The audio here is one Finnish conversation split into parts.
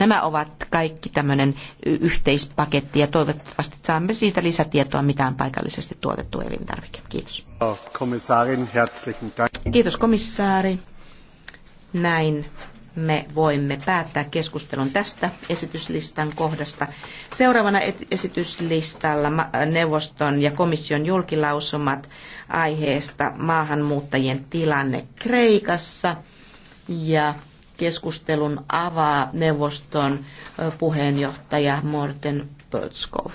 Nämä ovat kaikki tämmöinen yhteispaketti ja toivottavasti saamme siitä lisätietoa, mitä on paikallisesti tuotettu elintarvike. Kiitos. Oh, Kiitos komissaari. Näin me voimme päättää keskustelun tästä esityslistan kohdasta. Seuraavana esityslistalla neuvoston ja komission julkilausumat aiheesta maahanmuuttajien tilanne Kreikassa ja keskustelun avaa neuvoston puheenjohtaja Morten Pötskov.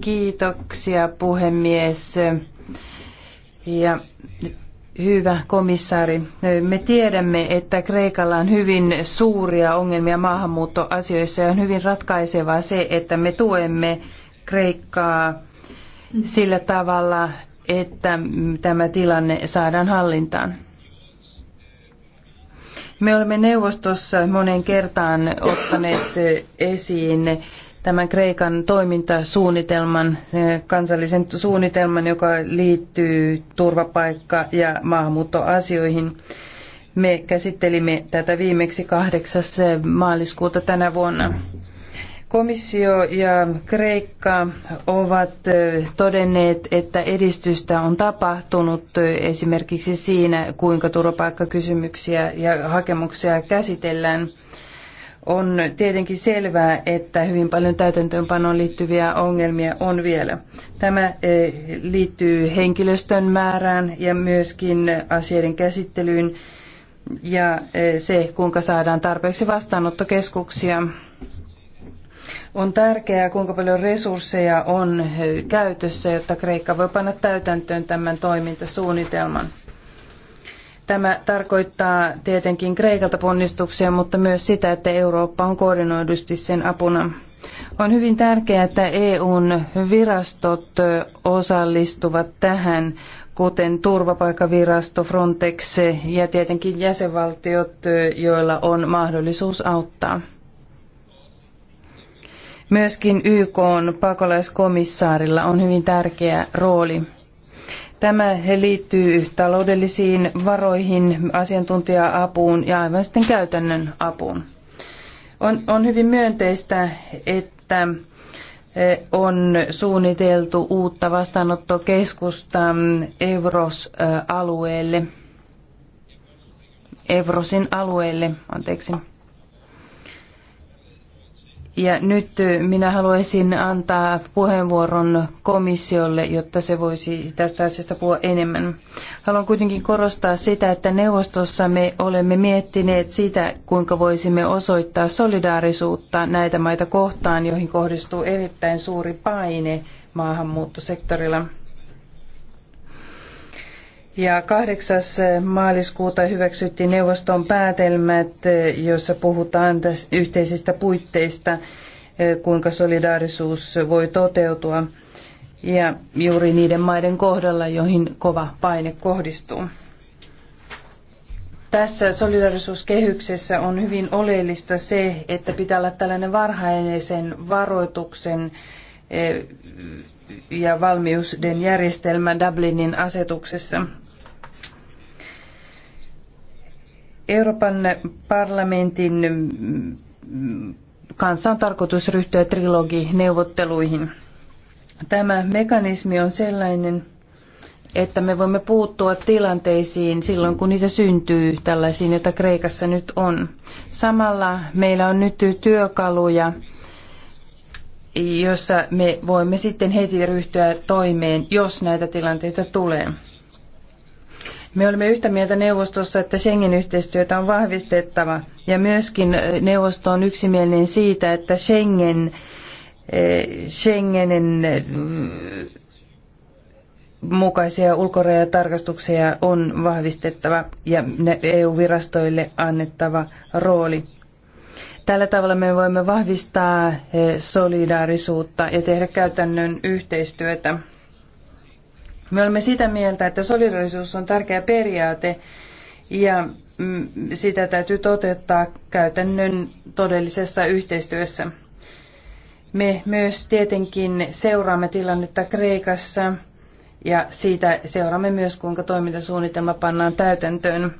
Kiitoksia puhemies. Ja Hyvä komissaari, me tiedämme, että Kreikalla on hyvin suuria ongelmia maahanmuuttoasioissa ja on hyvin ratkaisevaa se, että me tuemme Kreikkaa sillä tavalla, että tämä tilanne saadaan hallintaan. Me olemme neuvostossa monen kertaan ottaneet esiin tämän Kreikan toimintasuunnitelman, kansallisen suunnitelman, joka liittyy turvapaikka- ja maahanmuuttoasioihin. Me käsittelimme tätä viimeksi 8. maaliskuuta tänä vuonna. Komissio ja Kreikka ovat todenneet, että edistystä on tapahtunut esimerkiksi siinä, kuinka turvapaikkakysymyksiä ja hakemuksia käsitellään. On tietenkin selvää, että hyvin paljon täytäntöönpanoon liittyviä ongelmia on vielä. Tämä liittyy henkilöstön määrään ja myöskin asioiden käsittelyyn ja se, kuinka saadaan tarpeeksi vastaanottokeskuksia on tärkeää, kuinka paljon resursseja on käytössä, jotta Kreikka voi panna täytäntöön tämän toimintasuunnitelman. Tämä tarkoittaa tietenkin Kreikalta ponnistuksia, mutta myös sitä, että Eurooppa on koordinoidusti sen apuna. On hyvin tärkeää, että EUn virastot osallistuvat tähän, kuten turvapaikkavirasto, Frontex ja tietenkin jäsenvaltiot, joilla on mahdollisuus auttaa. Myöskin YK on pakolaiskomissaarilla on hyvin tärkeä rooli. Tämä liittyy taloudellisiin varoihin, asiantuntija-apuun ja aivan sitten käytännön apuun. On, on hyvin myönteistä, että e, on suunniteltu uutta vastaanottokeskusta Euros-alueelle, e, Evrosin alueelle, anteeksi. Ja nyt minä haluaisin antaa puheenvuoron komissiolle, jotta se voisi tästä asiasta puhua enemmän. Haluan kuitenkin korostaa sitä, että neuvostossa me olemme miettineet sitä, kuinka voisimme osoittaa solidaarisuutta näitä maita kohtaan, joihin kohdistuu erittäin suuri paine maahanmuuttosektorilla. Ja 8. maaliskuuta hyväksyttiin neuvoston päätelmät, joissa puhutaan tästä yhteisistä puitteista, kuinka solidaarisuus voi toteutua. Ja juuri niiden maiden kohdalla, joihin kova paine kohdistuu. Tässä solidaarisuuskehyksessä on hyvin oleellista se, että pitää olla tällainen varhaisen varoituksen Eh, ja valmiuden järjestelmä Dublinin asetuksessa. Euroopan parlamentin kanssa on tarkoitus ryhtyä trilogineuvotteluihin. Tämä mekanismi on sellainen, että me voimme puuttua tilanteisiin silloin, kun niitä syntyy tällaisiin, joita Kreikassa nyt on. Samalla meillä on nyt työkaluja jossa me voimme sitten heti ryhtyä toimeen, jos näitä tilanteita tulee. Me olemme yhtä mieltä neuvostossa, että Schengen-yhteistyötä on vahvistettava ja myöskin äh, neuvosto on yksimielinen siitä, että Schengen, äh, Schengenin äh, mukaisia ulkorajatarkastuksia on vahvistettava ja EU-virastoille e annettava rooli. Tällä tavalla me voimme vahvistaa eh, solidaarisuutta ja tehdä käytännön yhteistyötä. Me olemme sitä mieltä, että solidaarisuus on tärkeä periaate ja mm, sitä täytyy toteuttaa käytännön todellisessa yhteistyössä. Me myös tietenkin seuraamme tilannetta Kreikassa ja siitä seuraamme myös, kuinka toimintasuunnitelma pannaan täytäntöön.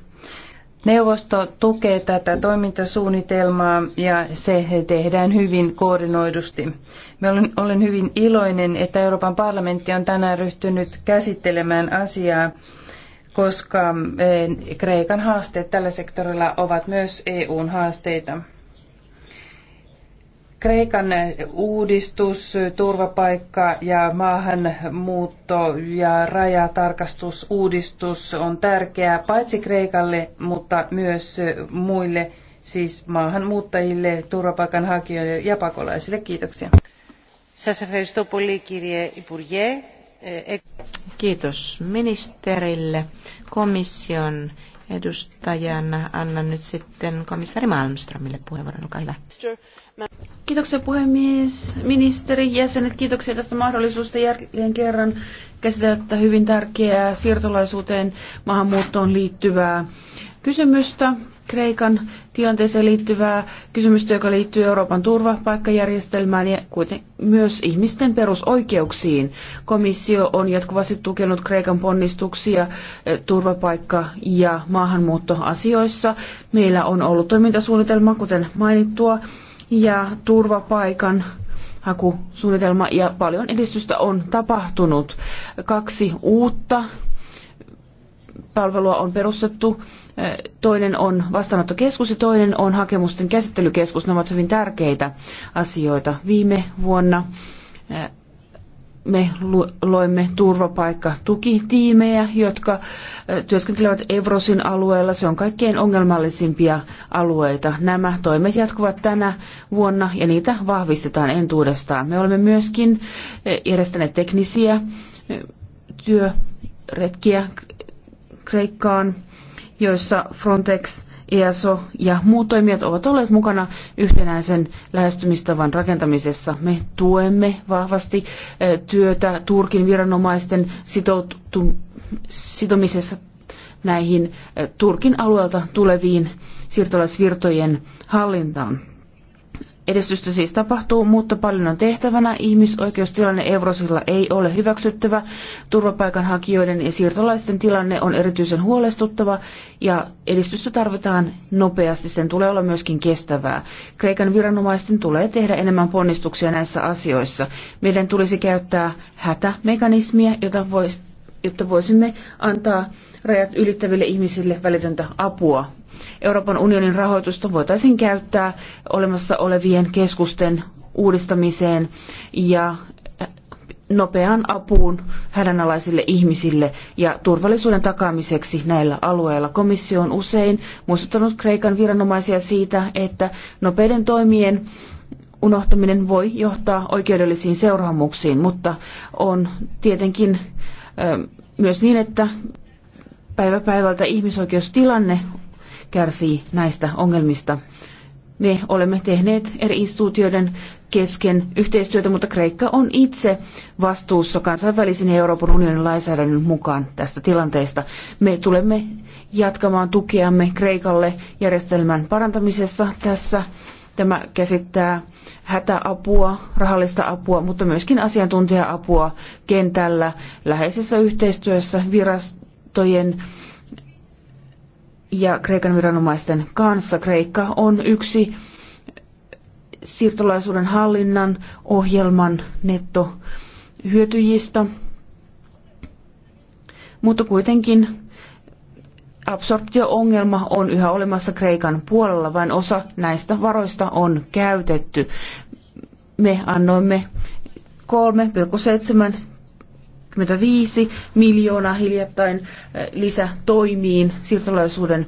Neuvosto tukee tätä toimintasuunnitelmaa ja se tehdään hyvin koordinoidusti. Me olen, olen hyvin iloinen, että Euroopan parlamentti on tänään ryhtynyt käsittelemään asiaa, koska eh, Kreikan haasteet tällä sektorilla ovat myös EUn haasteita. Kreikan uudistus, turvapaikka ja maahanmuutto ja rajatarkastusuudistus on tärkeää paitsi Kreikalle, mutta myös muille, siis maahanmuuttajille, turvapaikanhakijoille ja pakolaisille. Kiitoksia. Kiitos ministerille. Komission Edustajana Annan nyt sitten komissaari Malmströmille puheenvuoron. Olkaa hyvä. Kiitoksia puhemies, ministeri, jäsenet. Kiitoksia tästä mahdollisuudesta jälleen kerran käsitellä tätä hyvin tärkeää siirtolaisuuteen maahanmuuttoon liittyvää kysymystä. Kreikan tilanteeseen liittyvää kysymystä, joka liittyy Euroopan turvapaikkajärjestelmään ja myös ihmisten perusoikeuksiin. Komissio on jatkuvasti tukenut Kreikan ponnistuksia eh, turvapaikka- ja maahanmuuttoasioissa. Meillä on ollut toimintasuunnitelma, kuten mainittua, ja turvapaikan hakusuunnitelma ja paljon edistystä on tapahtunut. Kaksi uutta palvelua on perustettu. Toinen on vastaanottokeskus ja toinen on hakemusten käsittelykeskus. Nämä ovat hyvin tärkeitä asioita. Viime vuonna me loimme turvapaikkatukitiimejä, jotka työskentelevät Evrosin alueella. Se on kaikkein ongelmallisimpia alueita. Nämä toimet jatkuvat tänä vuonna ja niitä vahvistetaan entuudestaan. Me olemme myöskin järjestäneet teknisiä työretkiä Kreikkaan, joissa Frontex, EASO ja muut toimijat ovat olleet mukana yhtenäisen lähestymistavan rakentamisessa. Me tuemme vahvasti eh, työtä Turkin viranomaisten sitoutu- sitomisessa näihin eh, Turkin alueelta tuleviin siirtolaisvirtojen hallintaan. Edistystä siis tapahtuu, mutta paljon on tehtävänä. Ihmisoikeustilanne Eurosilla ei ole hyväksyttävä. Turvapaikanhakijoiden ja siirtolaisten tilanne on erityisen huolestuttava ja edistystä tarvitaan nopeasti. Sen tulee olla myöskin kestävää. Kreikan viranomaisten tulee tehdä enemmän ponnistuksia näissä asioissa. Meidän tulisi käyttää hätämekanismia, jota voisi jotta voisimme antaa rajat ylittäville ihmisille välitöntä apua. Euroopan unionin rahoitusta voitaisiin käyttää olemassa olevien keskusten uudistamiseen ja eh, nopeaan apuun hädänalaisille ihmisille ja turvallisuuden takaamiseksi näillä alueilla. Komissio on usein muistuttanut Kreikan viranomaisia siitä, että nopeiden toimien unohtaminen voi johtaa oikeudellisiin seuraamuksiin, mutta on tietenkin myös niin, että päivä päivältä ihmisoikeustilanne kärsii näistä ongelmista. Me olemme tehneet eri instituutioiden kesken yhteistyötä, mutta Kreikka on itse vastuussa kansainvälisen ja Euroopan unionin lainsäädännön mukaan tästä tilanteesta. Me tulemme jatkamaan tukeamme Kreikalle järjestelmän parantamisessa tässä Tämä käsittää hätäapua, rahallista apua, mutta myöskin asiantuntija-apua kentällä läheisessä yhteistyössä virastojen ja Kreikan viranomaisten kanssa. Kreikka on yksi siirtolaisuuden hallinnan ohjelman nettohyötyjistä, mutta kuitenkin Absorptio-ongelma on yhä olemassa Kreikan puolella, vain osa näistä varoista on käytetty. Me annoimme 3,7 25 miljoonaa hiljattain eh, lisätoimiin siirtolaisuuteen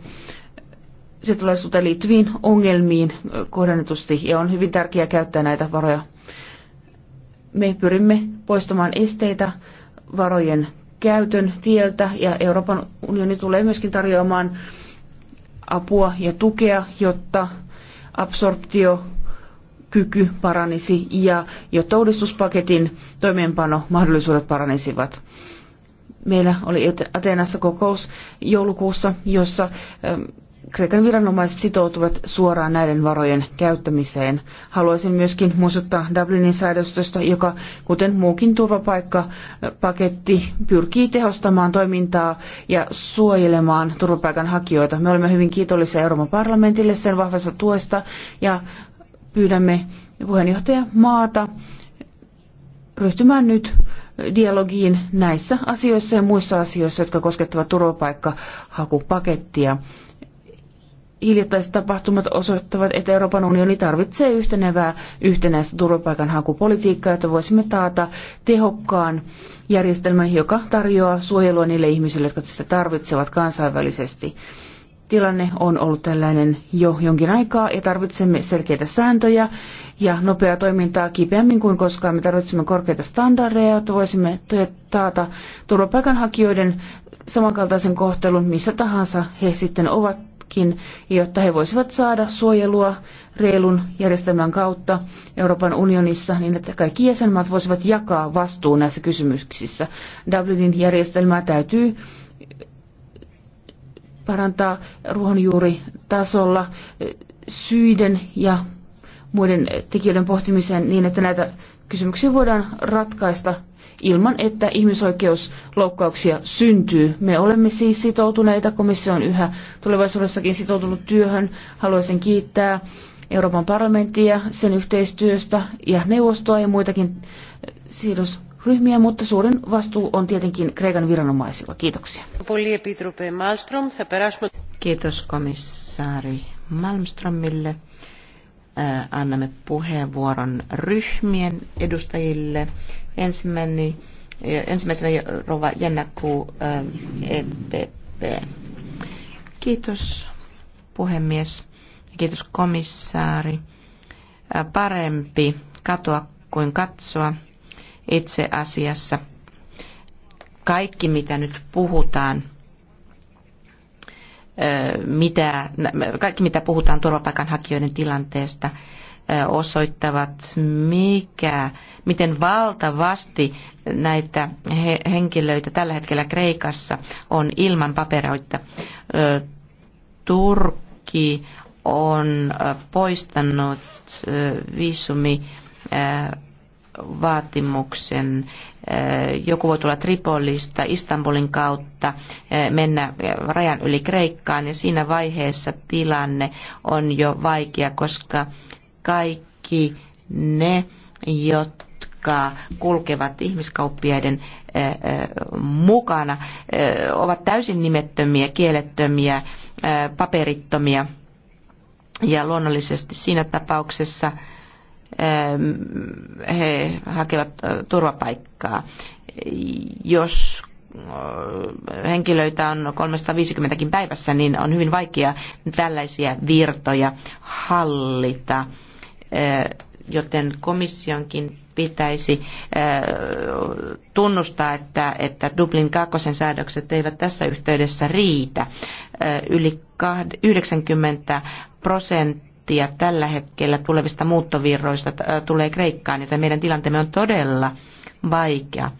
liittyviin ongelmiin eh, kohdennetusti ja on hyvin tärkeää käyttää näitä varoja. Me pyrimme poistamaan esteitä varojen käytön tieltä ja Euroopan unioni tulee myöskin tarjoamaan apua ja tukea, jotta absorptio kyky paranisi ja jotta uudistuspaketin toimeenpano mahdollisuudet paranisivat. Meillä oli Ateenassa kokous joulukuussa, jossa Kreikan viranomaiset sitoutuvat suoraan näiden varojen käyttämiseen. Haluaisin myöskin muistuttaa Dublinin säädöstöstä, joka, kuten muukin turvapaikkapaketti, pyrkii tehostamaan toimintaa ja suojelemaan turvapaikanhakijoita. Me olemme hyvin kiitollisia Euroopan parlamentille sen vahvasta tuesta ja pyydämme puheenjohtaja maata ryhtymään nyt dialogiin näissä asioissa ja muissa asioissa, jotka koskettavat turvapaikkahakupakettia. Hiljattaiset tapahtumat osoittavat, että Euroopan unioni tarvitsee yhtenevää yhtenäistä turvapaikanhakupolitiikkaa, jotta voisimme taata tehokkaan järjestelmän, joka tarjoaa suojelua niille ihmisille, jotka sitä tarvitsevat kansainvälisesti. Tilanne on ollut tällainen jo jonkin aikaa ja tarvitsemme selkeitä sääntöjä ja nopeaa toimintaa kipeämmin kuin koskaan. Me tarvitsemme korkeita standardeja, jotta voisimme taata turvapaikanhakijoiden samankaltaisen kohtelun missä tahansa he sitten ovat muutkin, jotta he voisivat saada suojelua reilun järjestelmän kautta Euroopan unionissa, niin että kaikki jäsenmaat voisivat jakaa vastuun näissä kysymyksissä. Dublinin järjestelmää täytyy parantaa ruohonjuuritasolla syiden ja muiden tekijöiden pohtimiseen niin, että näitä kysymyksiä voidaan ratkaista ilman, että ihmisoikeusloukkauksia syntyy. Me olemme siis sitoutuneita, komissio on yhä tulevaisuudessakin sitoutunut työhön. Haluaisin kiittää Euroopan parlamenttia, sen yhteistyöstä ja neuvostoa ja muitakin eh, sidosryhmiä, mutta suurin vastuu on tietenkin Kreikan viranomaisilla. Kiitoksia. Kiitos komissaari Malmströmille. Eh, annamme puheenvuoron ryhmien edustajille. Ensimmäinen, ensimmäisenä Rova Jännäkuu EPP. Kiitos puhemies ja kiitos komissaari. Parempi katoa kuin katsoa itse asiassa. Kaikki mitä nyt puhutaan, mitä, kaikki mitä puhutaan turvapaikanhakijoiden tilanteesta, osoittavat, mikä, miten valtavasti näitä henkilöitä tällä hetkellä Kreikassa on ilman paperoita. Turkki on poistanut viisumi vaatimuksen. Joku voi tulla Tripolista, Istanbulin kautta, mennä rajan yli Kreikkaan ja siinä vaiheessa tilanne on jo vaikea, koska kaikki ne, jotka kulkevat ihmiskauppiaiden mukana, ovat täysin nimettömiä, kielettömiä, paperittomia. Ja luonnollisesti siinä tapauksessa he hakevat turvapaikkaa. Jos henkilöitä on 350kin päivässä, niin on hyvin vaikea tällaisia virtoja hallita joten komissionkin pitäisi tunnustaa, että, että Dublin kakkosen säädökset eivät tässä yhteydessä riitä. Yli 90 prosenttia tällä hetkellä tulevista muuttovirroista tulee Kreikkaan, joten meidän tilanteemme on todella vaikea.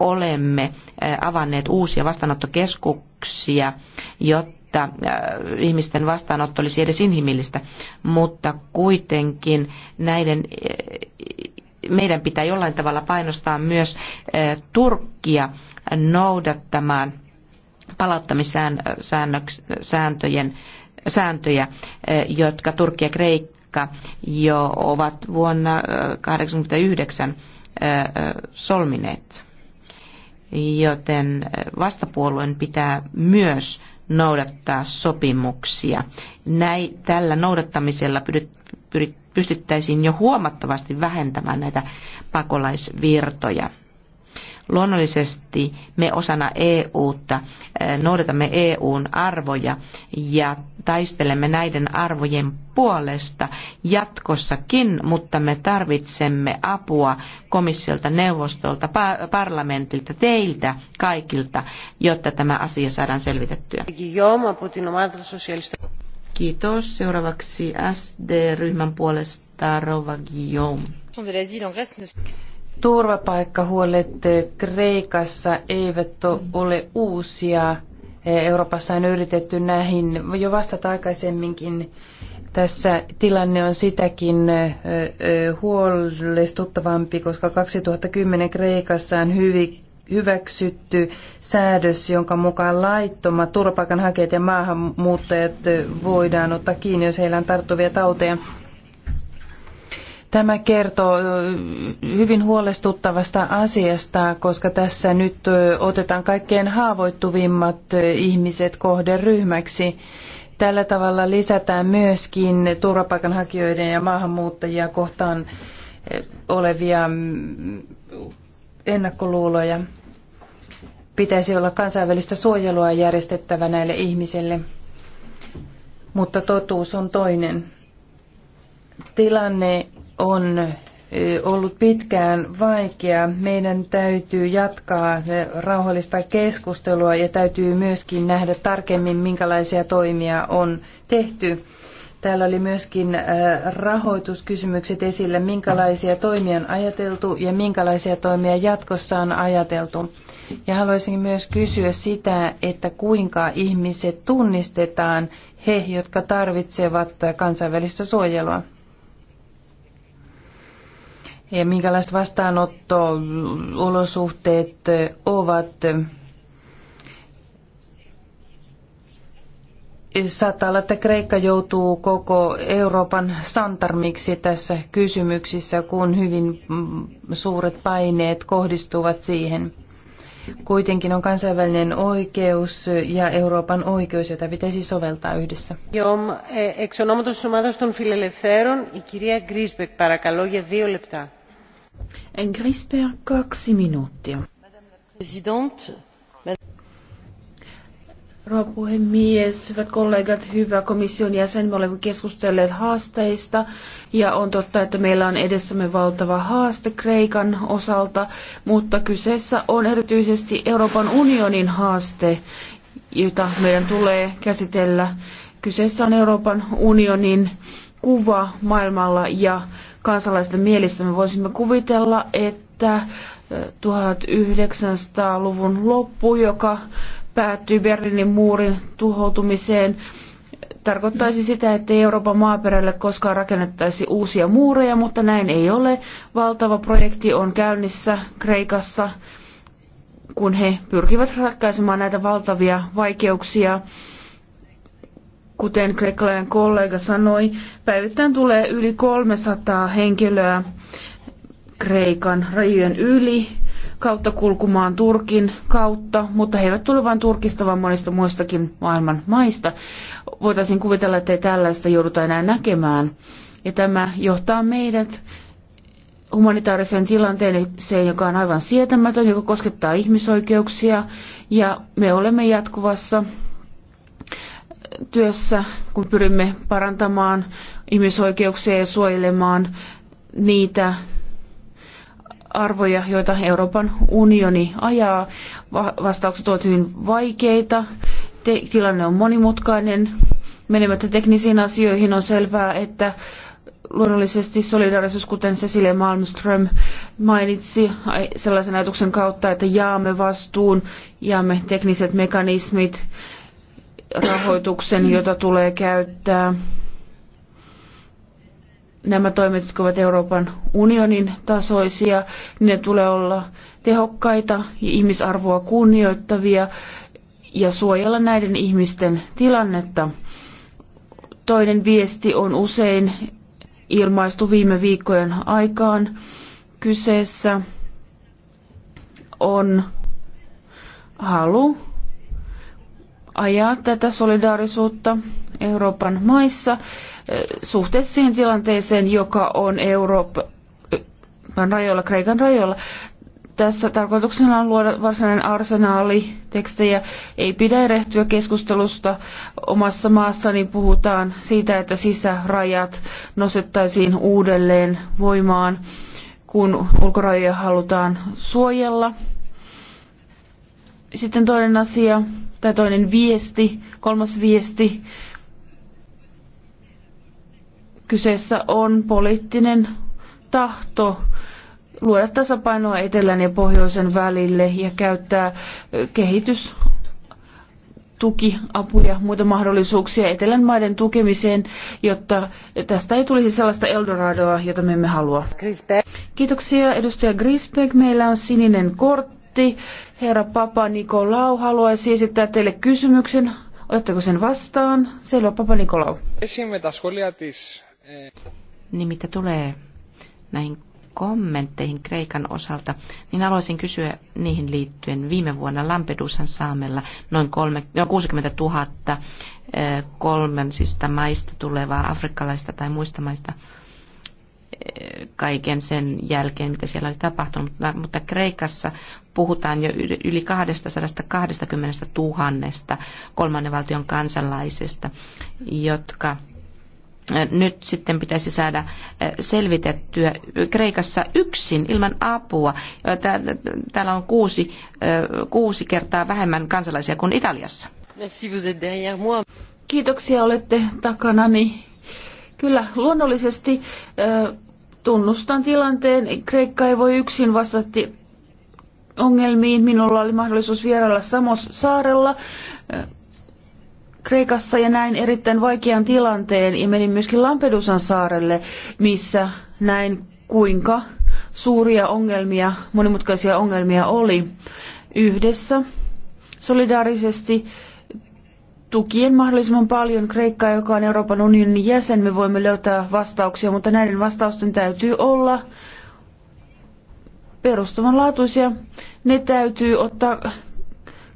Olemme avanneet uusia vastaanottokeskuksia, jotta että äh, ihmisten vastaanotto olisi edes inhimillistä, mutta kuitenkin näiden äh, meidän pitää jollain tavalla painostaa myös äh, Turkkia noudattamaan palauttamissääntöjen sääntöjä, jotka Turkki ja Kreikka jo ovat vuonna 1989 solmineet. Joten vastapuolueen pitää myös noudattaa sopimuksia. Näin, tällä noudattamisella pystyttäisiin jo huomattavasti vähentämään näitä pakolaisvirtoja. Luonnollisesti me osana EUta noudatamme EUn arvoja ja taistelemme näiden arvojen puolesta jatkossakin, mutta me tarvitsemme apua komissiolta, neuvostolta, parlamentilta, teiltä, kaikilta, jotta tämä asia saadaan selvitettyä. Kiitos. Seuraavaksi SD-ryhmän puolesta Rova Guillaume turvapaikkahuolet Kreikassa eivät ole uusia. Euroopassa on yritetty näihin jo vastata aikaisemminkin. Tässä tilanne on sitäkin huolestuttavampi, koska 2010 Kreikassa on hyvin hyväksytty säädös, jonka mukaan laittomat turvapaikanhakijat ja maahanmuuttajat voidaan ottaa kiinni, jos heillä on tarttuvia tauteja. Tämä kertoo hyvin huolestuttavasta asiasta, koska tässä nyt otetaan kaikkein haavoittuvimmat ihmiset kohderyhmäksi. Tällä tavalla lisätään myöskin turvapaikanhakijoiden ja maahanmuuttajia kohtaan olevia ennakkoluuloja. Pitäisi olla kansainvälistä suojelua järjestettävä näille ihmisille, mutta totuus on toinen. Tilanne on ollut pitkään vaikea. Meidän täytyy jatkaa rauhallista keskustelua ja täytyy myöskin nähdä tarkemmin, minkälaisia toimia on tehty. Täällä oli myöskin rahoituskysymykset esillä, minkälaisia toimia on ajateltu ja minkälaisia toimia jatkossa on ajateltu. Ja haluaisin myös kysyä sitä, että kuinka ihmiset tunnistetaan he, jotka tarvitsevat kansainvälistä suojelua ja minkälaiset vastaanotto-olosuhteet ovat. Saattaa olla, että Kreikka joutuu koko Euroopan santarmiksi tässä kysymyksissä, kun hyvin suuret paineet kohdistuvat siihen. Kuitenkin on kansainvälinen oikeus ja Euroopan oikeus, jota pitäisi soveltaa yhdessä. Εξ ονόματος της ομάδας των φιλελευθέρων, η κυρία Γκρίσμπεκ, παρακαλώ για δύο λεπτά. En kaksi minuuttia. Rouva puhemies, hyvät kollegat, hyvä komission jäsen, me olemme keskustelleet haasteista ja on totta, että meillä on edessämme valtava haaste Kreikan osalta, mutta kyseessä on erityisesti Euroopan unionin haaste, jota meidän tulee käsitellä. Kyseessä on Euroopan unionin kuva maailmalla ja kansalaisten mielissä. Me voisimme kuvitella, että 1900-luvun loppu, joka päättyi Berliinin muurin tuhoutumiseen, tarkoittaisi sitä, että Euroopan maaperälle koskaan rakennettaisi uusia muureja, mutta näin ei ole. Valtava projekti on käynnissä Kreikassa, kun he pyrkivät ratkaisemaan näitä valtavia vaikeuksia kuten kreikkalainen kollega sanoi, päivittäin tulee yli 300 henkilöä Kreikan rajojen yli kautta kulkumaan Turkin kautta, mutta he eivät tule vain Turkista, vaan monista muistakin maailman maista. Voitaisiin kuvitella, että ei tällaista jouduta enää näkemään. Ja tämä johtaa meidät humanitaariseen tilanteeseen, joka on aivan sietämätön, joka koskettaa ihmisoikeuksia, ja me olemme jatkuvassa työssä, kun pyrimme parantamaan ihmisoikeuksia ja suojelemaan niitä arvoja, joita Euroopan unioni ajaa. Vastaukset ovat hyvin vaikeita, tilanne on monimutkainen. Menemättä teknisiin asioihin on selvää, että luonnollisesti solidaarisuus, kuten Cecilia Malmström mainitsi, sellaisen ajatuksen kautta, että jaamme vastuun, jaamme tekniset mekanismit, rahoituksen, jota tulee käyttää. Nämä toimet, jotka ovat Euroopan unionin tasoisia, ne tulee olla tehokkaita ja ihmisarvoa kunnioittavia ja suojella näiden ihmisten tilannetta. Toinen viesti on usein ilmaistu viime viikkojen aikaan. Kyseessä on halu ajaa tätä solidaarisuutta Euroopan maissa eh, suhteessa siihen tilanteeseen, joka on Euroopan eh, rajoilla, Kreikan rajoilla. Tässä tarkoituksena on luoda varsinainen arsenaali tekstejä. Ei pidä erehtyä keskustelusta. Omassa maassani niin puhutaan siitä, että sisärajat nostettaisiin uudelleen voimaan, kun ulkorajoja halutaan suojella. Sitten toinen asia, tai toinen viesti, kolmas viesti. Kyseessä on poliittinen tahto luoda tasapainoa etelän ja pohjoisen välille ja käyttää kehitys tuki, muita mahdollisuuksia etelän maiden tukemiseen, jotta tästä ei tulisi sellaista Eldoradoa, jota me emme halua. Kiitoksia edustaja Grisbeck. Meillä on sininen kortti minuutti. Herra Papa Nikolau haluaisi esittää teille kysymyksen. Otatteko sen vastaan? Selvä, Papa Nikolau. Niin mitä tulee näihin kommentteihin Kreikan osalta, niin haluaisin kysyä niihin liittyen. Viime vuonna Lampedusan saamella noin, kolme, noin 60 000 kolmansista maista tulevaa, afrikkalaista tai muista maista, kaiken sen jälkeen, mitä siellä oli tapahtunut, mutta, mutta Kreikassa puhutaan jo yli 220 000 kolmannen valtion kansalaisesta, jotka nyt sitten pitäisi saada selvitettyä Kreikassa yksin ilman apua. Täällä on kuusi, kuusi kertaa vähemmän kansalaisia kuin Italiassa. Kiitoksia, olette takanani. Kyllä, luonnollisesti Tunnustan tilanteen. Kreikka ei voi yksin vastata ongelmiin. Minulla oli mahdollisuus vierailla Samos saarella Kreikassa ja näin erittäin vaikean tilanteen ja menin myöskin Lampedusan saarelle, missä näin kuinka suuria ongelmia, monimutkaisia ongelmia oli yhdessä solidaarisesti tukien mahdollisimman paljon Kreikkaa, joka on Euroopan unionin jäsen, me voimme löytää vastauksia, mutta näiden vastausten täytyy olla perustavanlaatuisia. Ne täytyy ottaa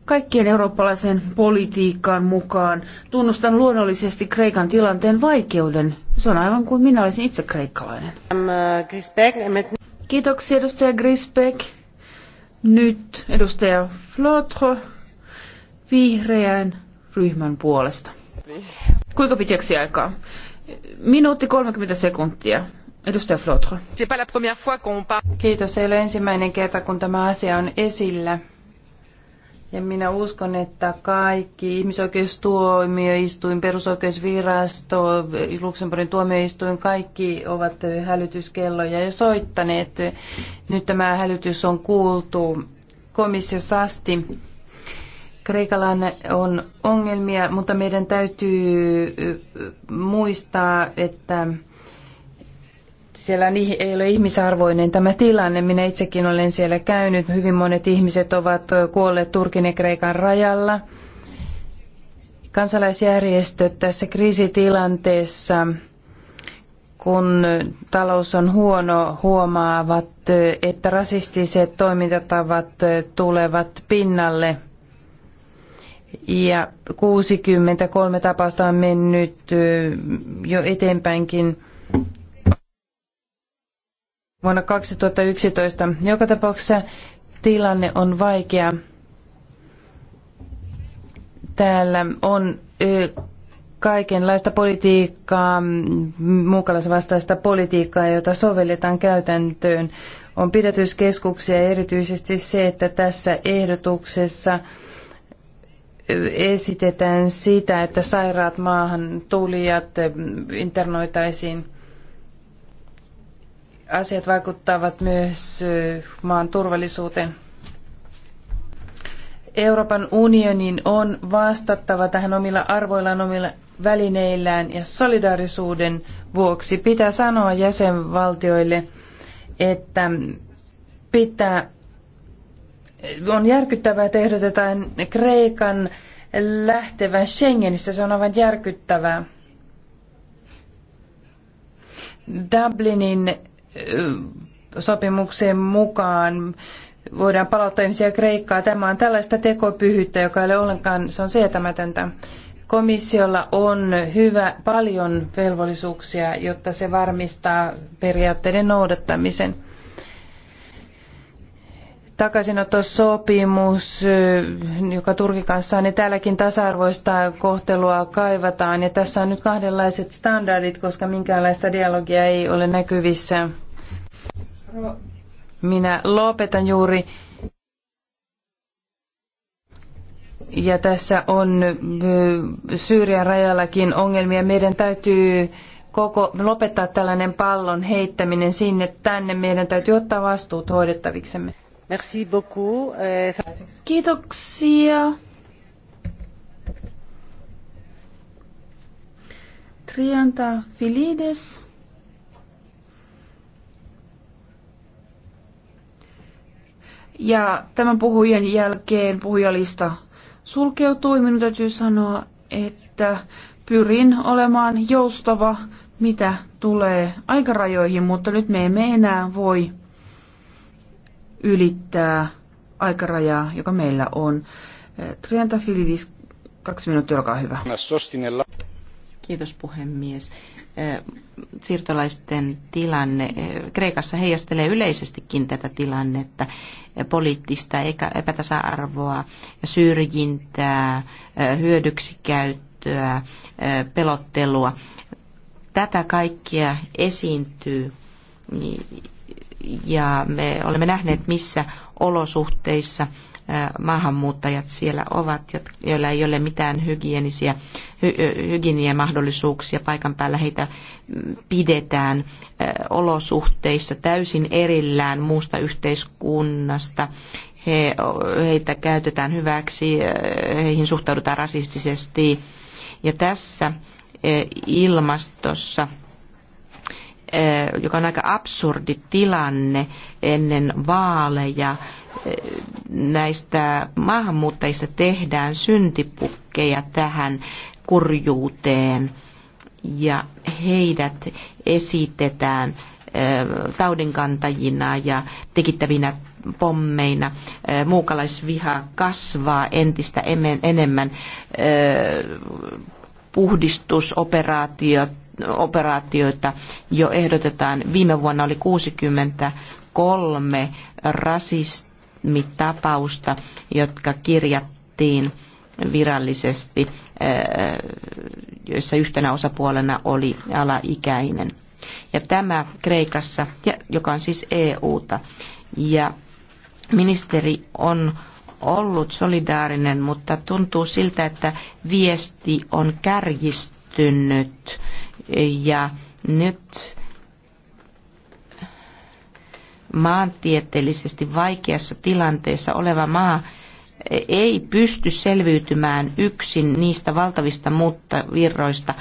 kaikkien eurooppalaiseen politiikkaan mukaan. Tunnustan luonnollisesti Kreikan tilanteen vaikeuden. Se on aivan kuin minä olisin itse kreikkalainen. Kiitoksia edustaja Grisbeck. Nyt edustaja Flotro, vihreän ryhmän puolesta. Kuinka pitkäksi aikaa? Minuutti 30 sekuntia. Edustaja Flotro. Kiitos. Ei ole ensimmäinen kerta, kun tämä asia on esillä. Ja minä uskon, että kaikki ihmisoikeustuomioistuin, perusoikeusvirasto, Luxemburgin tuomioistuin, kaikki ovat hälytyskelloja ja soittaneet. Nyt tämä hälytys on kuultu komissiossa asti. Kreikalla on ongelmia, mutta meidän täytyy muistaa, että siellä ei ole ihmisarvoinen tämä tilanne. Minä itsekin olen siellä käynyt. Hyvin monet ihmiset ovat kuolleet Turkin ja Kreikan rajalla. Kansalaisjärjestöt tässä kriisitilanteessa, kun talous on huono, huomaavat, että rasistiset toimintatavat tulevat pinnalle – ja 63 tapausta on mennyt jo eteenpäinkin vuonna 2011. Joka tapauksessa tilanne on vaikea. Täällä on kaikenlaista politiikkaa, muukalaisvastaista politiikkaa, jota sovelletaan käytäntöön. On pidätyskeskuksia erityisesti se, että tässä ehdotuksessa – esitetään sitä, että sairaat maahan tulijat eh, internoitaisiin. Asiat vaikuttavat myös eh, maan turvallisuuteen. Euroopan unionin on vastattava tähän omilla arvoillaan, omilla välineillään ja solidaarisuuden vuoksi pitää sanoa jäsenvaltioille, että pitää on järkyttävää, että ehdotetaan Kreikan lähtevän Schengenistä. Se on aivan järkyttävää. Dublinin sopimuksen mukaan voidaan palauttaa ihmisiä Kreikkaa. Tämä on tällaista tekopyhyyttä, joka ei ole ollenkaan, se on sietämätöntä. Komissiolla on hyvä paljon velvollisuuksia, jotta se varmistaa periaatteiden noudattamisen takaisinottosopimus, joka Turkin kanssa on, niin täälläkin tasa-arvoista kohtelua kaivataan. Ja tässä on nyt kahdenlaiset standardit, koska minkäänlaista dialogia ei ole näkyvissä. Minä lopetan juuri. Ja tässä on Syyrian rajallakin ongelmia. Meidän täytyy koko, lopettaa tällainen pallon heittäminen sinne tänne. Meidän täytyy ottaa vastuut hoidettaviksemme. Merci beaucoup. Euh, Kiitoksia. Trianta Filides. Ja tämän puhujan jälkeen puhujalista sulkeutui. Minun täytyy sanoa, että pyrin olemaan joustava, mitä tulee aikarajoihin, mutta nyt me emme enää voi ylittää aikarajaa, joka meillä on. Trienta Filidis, kaksi minuuttia, olkaa hyvä. Kiitos puhemies. Eh, siirtolaisten tilanne eh, Kreikassa heijastelee yleisestikin tätä tilannetta, eh, poliittista epätasa-arvoa, syrjintää, hyödyksikäyttöä, pelottelua. Tätä kaikkea esiintyy niin ja me olemme nähneet, missä olosuhteissa maahanmuuttajat siellä ovat, joilla ei ole mitään hygienisiä, hy, hygieniamahdollisuuksia paikan päällä. Heitä mm, pidetään olosuhteissa täysin erillään muusta yhteiskunnasta. He, heitä käytetään hyväksi, heihin suhtaudutaan rasistisesti. Ja tässä ilmastossa Eh, joka on aika absurdi tilanne ennen vaaleja. Eh, näistä maahanmuuttajista tehdään syntipukkeja tähän kurjuuteen ja heidät esitetään eh, taudinkantajina ja tekittävinä pommeina. Muukalaisviha kasvaa entistä enemmän. Puhdistusoperaatiot operaatioita jo ehdotetaan. Viime vuonna oli 63 rasismitapausta, jotka kirjattiin virallisesti, eh, joissa yhtenä osapuolena oli alaikäinen. Ja tämä Kreikassa, joka on siis EUta. Ja ministeri on ollut solidaarinen, mutta tuntuu siltä, että viesti on kärjistynyt ja nyt maantieteellisesti vaikeassa tilanteessa oleva maa ei pysty selviytymään yksin niistä valtavista muuttavirroista,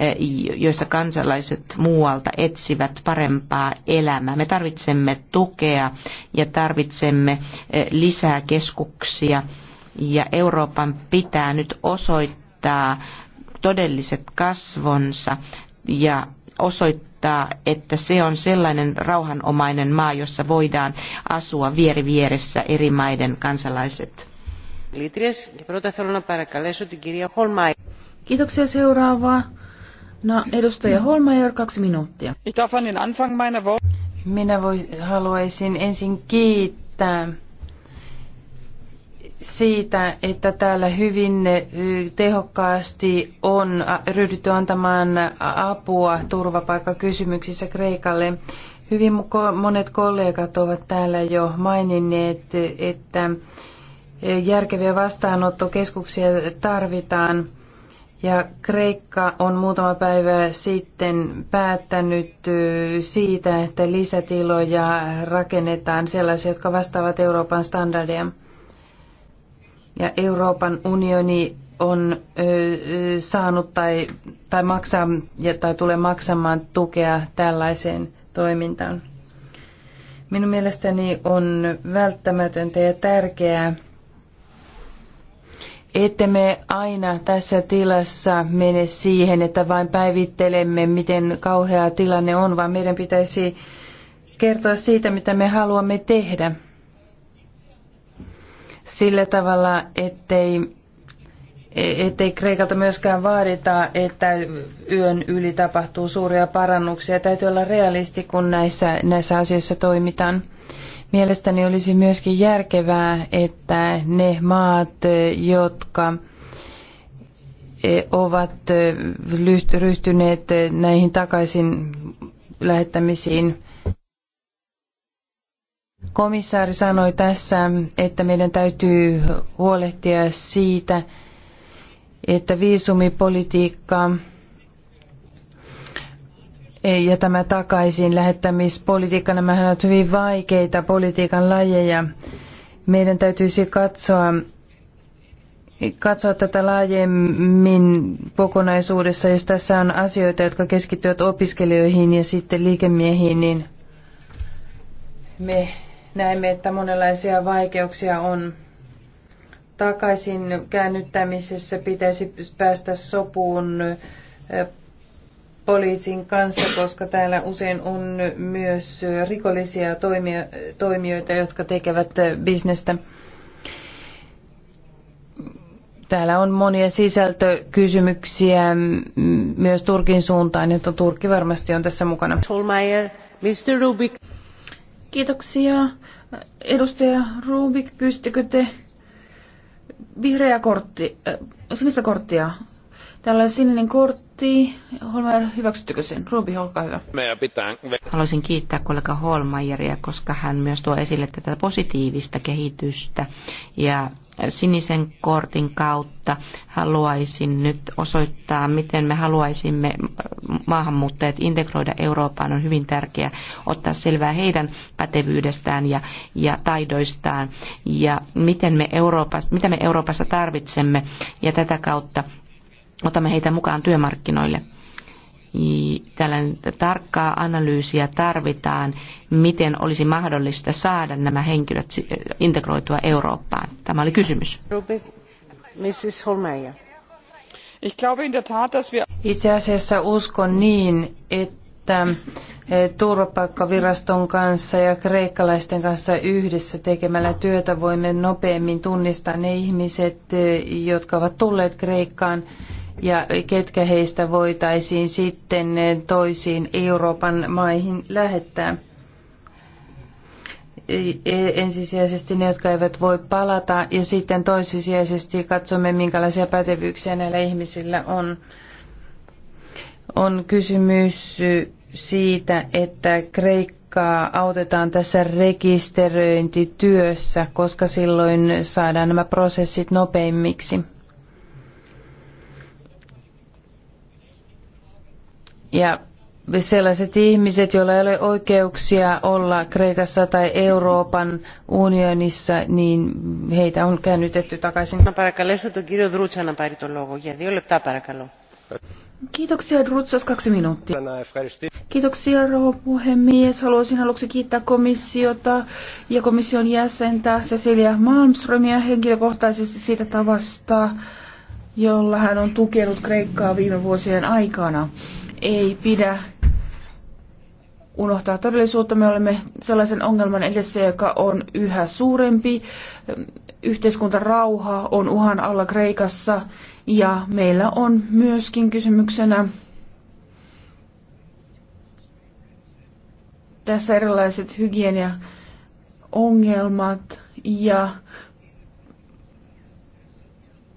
eh, joissa kansalaiset muualta etsivät parempaa elämää. Me tarvitsemme tukea ja tarvitsemme eh, lisää keskuksia ja Euroopan pitää nyt osoittaa todelliset kasvonsa ja osoittaa, että se on sellainen rauhanomainen maa, jossa voidaan asua vieri vieressä eri maiden kansalaiset. Kiitoksia seuraavaa. No, edustaja Holmeier, kaksi minuuttia. Minä voi, haluaisin ensin kiittää siitä, että täällä hyvin tehokkaasti on ryhdytty antamaan apua turvapaikkakysymyksissä Kreikalle. Hyvin monet kollegat ovat täällä jo maininneet, että järkeviä vastaanottokeskuksia tarvitaan. Ja Kreikka on muutama päivä sitten päättänyt siitä, että lisätiloja rakennetaan sellaisia, jotka vastaavat Euroopan standardeja ja Euroopan unioni on saanut tai, tai, maksaa, tai tulee maksamaan tukea tällaiseen toimintaan. Minun mielestäni on välttämätöntä ja tärkeää, että me aina tässä tilassa mene siihen, että vain päivittelemme, miten kauhea tilanne on, vaan meidän pitäisi kertoa siitä, mitä me haluamme tehdä sillä tavalla, ettei, ettei Kreikalta myöskään vaadita, että yön yli tapahtuu suuria parannuksia. Täytyy olla realisti, kun näissä, näissä asioissa toimitaan. Mielestäni olisi myöskin järkevää, että ne maat, jotka e, ovat e, ryhtyneet e, näihin takaisin lähettämisiin, Komissaari sanoi tässä, että meidän täytyy huolehtia siitä, että viisumipolitiikka ja tämä takaisin lähettämispolitiikka, nämähän ovat hyvin vaikeita politiikan lajeja. Meidän täytyisi katsoa, katsoa tätä laajemmin kokonaisuudessa, jos tässä on asioita, jotka keskittyvät opiskelijoihin ja sitten liikemiehiin, niin me näemme, että monenlaisia vaikeuksia on. Takaisin käännyttämisessä pitäisi päästä sopuun poliisin kanssa, koska täällä usein on myös rikollisia toimijoita, jotka tekevät bisnestä. Täällä on monia sisältökysymyksiä myös Turkin suuntaan, että Turkki varmasti on tässä mukana. Mr. Rubik. Kiitoksia. Edustaja Rubik, pystykö te vihreä kortti, äh, sinistä korttia? Tällä sininen kortti kortti. Holmeier, hyväksyttekö sen? Ruobi, olkaa hyvä. Meidän pitää... Haluaisin kiittää kollega Holmeieria, koska hän myös tuo esille tätä positiivista kehitystä. Ja sinisen kortin kautta haluaisin nyt osoittaa, miten me haluaisimme maahanmuuttajat integroida Eurooppaan. On hyvin tärkeää ottaa selvää heidän pätevyydestään ja, ja taidoistaan ja miten me Euroopassa, mitä me Euroopassa tarvitsemme. Ja tätä kautta otamme heitä mukaan työmarkkinoille. Tällainen tarkkaa analyysiä tarvitaan, miten olisi mahdollista saada nämä henkilöt integroitua Eurooppaan. Tämä oli kysymys. Itse asiassa uskon niin, että e, turvapaikkaviraston kanssa ja kreikkalaisten kanssa yhdessä tekemällä työtä voimme nopeammin tunnistaa ne ihmiset, e, jotka ovat tulleet Kreikkaan ja ketkä heistä voitaisiin sitten toisiin Euroopan maihin lähettää. E, ensisijaisesti ne, jotka eivät voi palata, ja sitten toisisijaisesti katsomme, minkälaisia pätevyyksiä näillä ihmisillä on. On kysymys siitä, että Kreikkaa autetaan tässä rekisteröintityössä, koska silloin saadaan nämä prosessit nopeimmiksi. Ja sellaiset ihmiset, joilla ei ole oikeuksia olla Kreikassa tai Euroopan unionissa, niin heitä on käännytetty takaisin. Kiitoksia, Drutsas, kaksi minuuttia. Kiitoksia, rouva puhemies. Haluaisin aluksi kiittää komissiota ja komission jäsentä Cecilia Malmströmiä henkilökohtaisesti siitä tavasta, jolla hän on tukenut Kreikkaa viime vuosien aikana ei pidä unohtaa todellisuutta. Me olemme sellaisen ongelman edessä, joka on yhä suurempi. Yhteiskuntarauha on uhan alla Kreikassa ja meillä on myöskin kysymyksenä tässä erilaiset hygieniaongelmat ja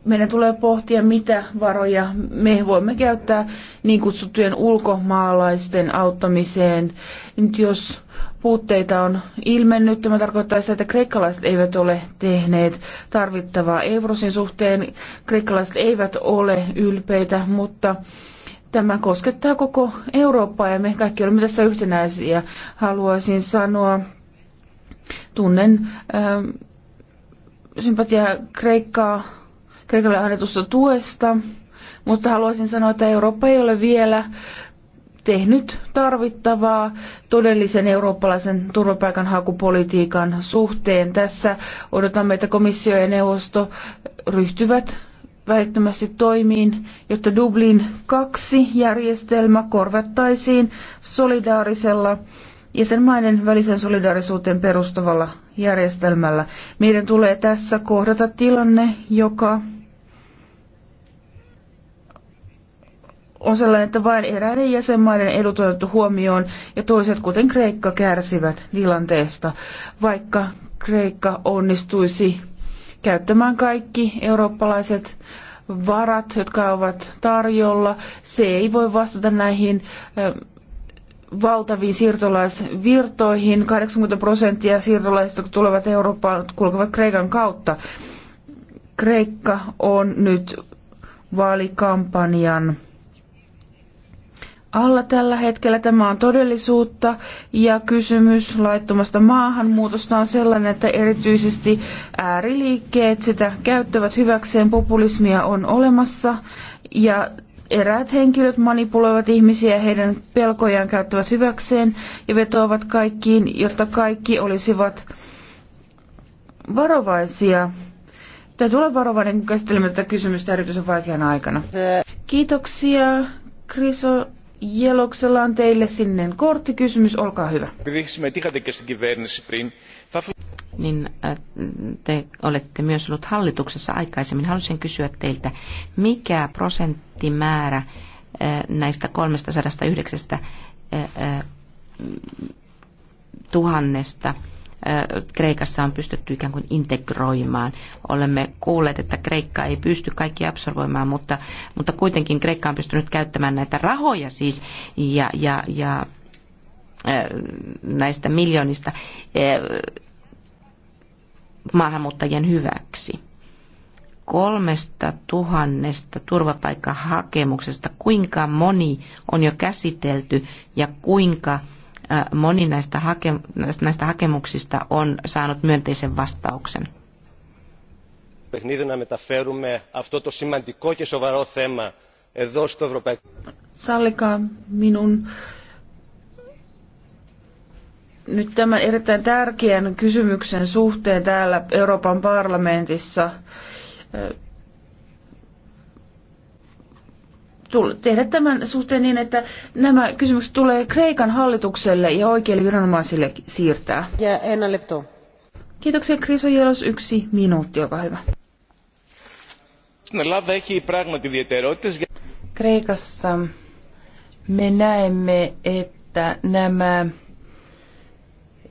meidän tulee pohtia, mitä varoja me voimme käyttää niin kutsuttujen ulkomaalaisten auttamiseen. Nyt jos puutteita on ilmennyt, tämä tarkoittaa sitä, että kreikkalaiset eivät ole tehneet tarvittavaa Eurosin suhteen. Kreikkalaiset eivät ole ylpeitä, mutta tämä koskettaa koko Eurooppaa ja me kaikki olemme tässä yhtenäisiä. Haluaisin sanoa, tunnen äh, sympatiaa Kreikkaa Kreikalle annetusta tuesta, mutta haluaisin sanoa, että Eurooppa ei ole vielä tehnyt tarvittavaa todellisen eurooppalaisen turvapaikanhakupolitiikan suhteen. Tässä odotamme, että komissio ja neuvosto ryhtyvät välittömästi toimiin, jotta Dublin 2 järjestelmä korvattaisiin solidaarisella jäsenmaiden välisen solidaarisuuteen perustavalla järjestelmällä. Meidän tulee tässä kohdata tilanne, joka on sellainen, että vain eräiden jäsenmaiden edut on otettu huomioon ja toiset, kuten Kreikka, kärsivät tilanteesta, vaikka Kreikka onnistuisi käyttämään kaikki eurooppalaiset varat, jotka ovat tarjolla. Se ei voi vastata näihin valtaviin siirtolaisvirtoihin. 80 prosenttia siirtolaisista, jotka tulevat Eurooppaan, kulkevat Kreikan kautta. Kreikka on nyt vaalikampanjan alla tällä hetkellä. Tämä on todellisuutta ja kysymys laittomasta maahanmuutosta on sellainen, että erityisesti ääriliikkeet sitä käyttävät hyväkseen. Populismia on olemassa ja eräät henkilöt manipuloivat ihmisiä heidän pelkojaan käyttävät hyväkseen ja vetoavat kaikkiin, jotta kaikki olisivat varovaisia. Täytyy olla varovainen, kun käsittelemme tätä kysymystä erityisen vaikeana aikana. Kiitoksia. Kriso Jeloksella on teille sinne korttikysymys, olkaa hyvä. Niin te olette myös ollut hallituksessa aikaisemmin. Haluaisin kysyä teiltä, mikä prosenttimäärä näistä 309 tuhannesta Kreikassa on pystytty ikään kuin integroimaan. Olemme kuulleet, että Kreikka ei pysty kaikki absorboimaan, mutta, mutta kuitenkin Kreikka on pystynyt käyttämään näitä rahoja siis ja, ja, ja näistä miljoonista maahanmuuttajien hyväksi. Kolmesta tuhannesta turvapaikkahakemuksesta, kuinka moni on jo käsitelty ja kuinka moni näistä, hake, näistä hakemuksista on saanut myönteisen vastauksen. Sallikaa minun nyt tämän erittäin tärkeän kysymyksen suhteen täällä Euroopan parlamentissa tehdä tämän suhteen niin, että nämä kysymykset tulee Kreikan hallitukselle ja oikeille viranomaisille siirtää. Ja Enna Lepto. Kiitoksia Kriso Jelos, yksi minuutti, olkaa hyvä. Kreikassa me näemme, että nämä